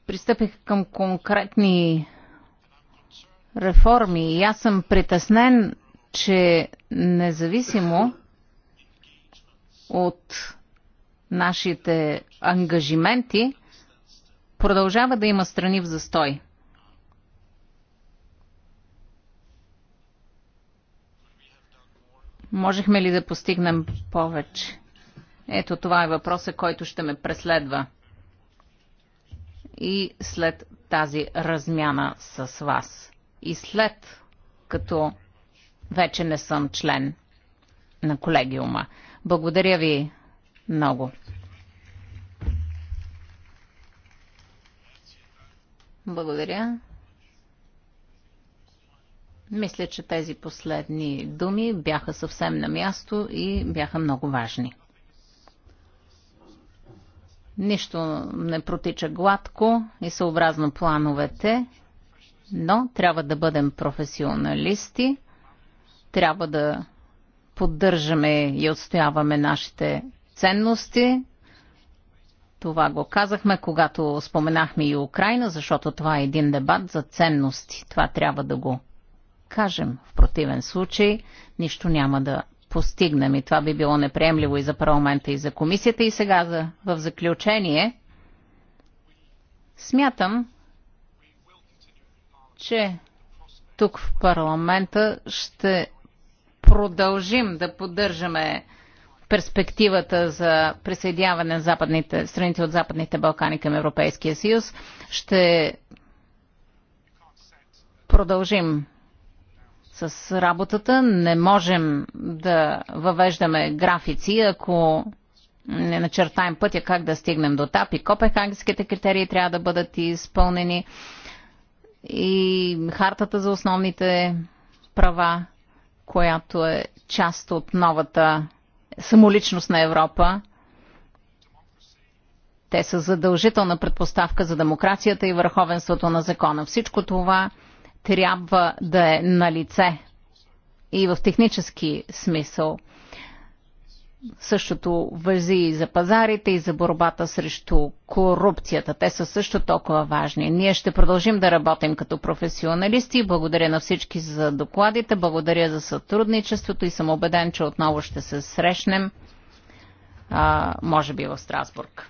пристъпих към конкретни реформи. И аз съм притеснен, че независимо от нашите ангажименти, продължава да има страни в застой. Можехме ли да постигнем повече? Ето това е въпроса, който ще ме преследва. И след тази размяна с вас. И след като вече не съм член на колегиума. Благодаря ви много. Благодаря. Мисля, че тези последни думи бяха съвсем на място и бяха много важни. Нищо не протича гладко и съобразно плановете, но трябва да бъдем професионалисти, трябва да поддържаме и отстояваме нашите ценности, това го казахме, когато споменахме и Украина, защото това е един дебат за ценности. Това трябва да го кажем. В противен случай нищо няма да постигнем и това би било неприемливо и за парламента, и за комисията. И сега за, в заключение смятам, че тук в парламента ще продължим да поддържаме перспективата за присъединяване на западните, страните от Западните Балкани към Европейския съюз. Ще продължим с работата. Не можем да въвеждаме графици, ако не начертаем пътя как да стигнем до ТАП и копенхагенските критерии трябва да бъдат изпълнени и хартата за основните права, която е част от новата самоличност на Европа. Те са задължителна предпоставка за демокрацията и върховенството на закона. Всичко това трябва да е на лице и в технически смисъл. Същото вързи и за пазарите, и за борбата срещу корупцията. Те са също толкова важни. Ние ще продължим да работим като професионалисти. Благодаря на всички за докладите, благодаря за сътрудничеството и съм убеден, че отново ще се срещнем, а, може би в Страсбург.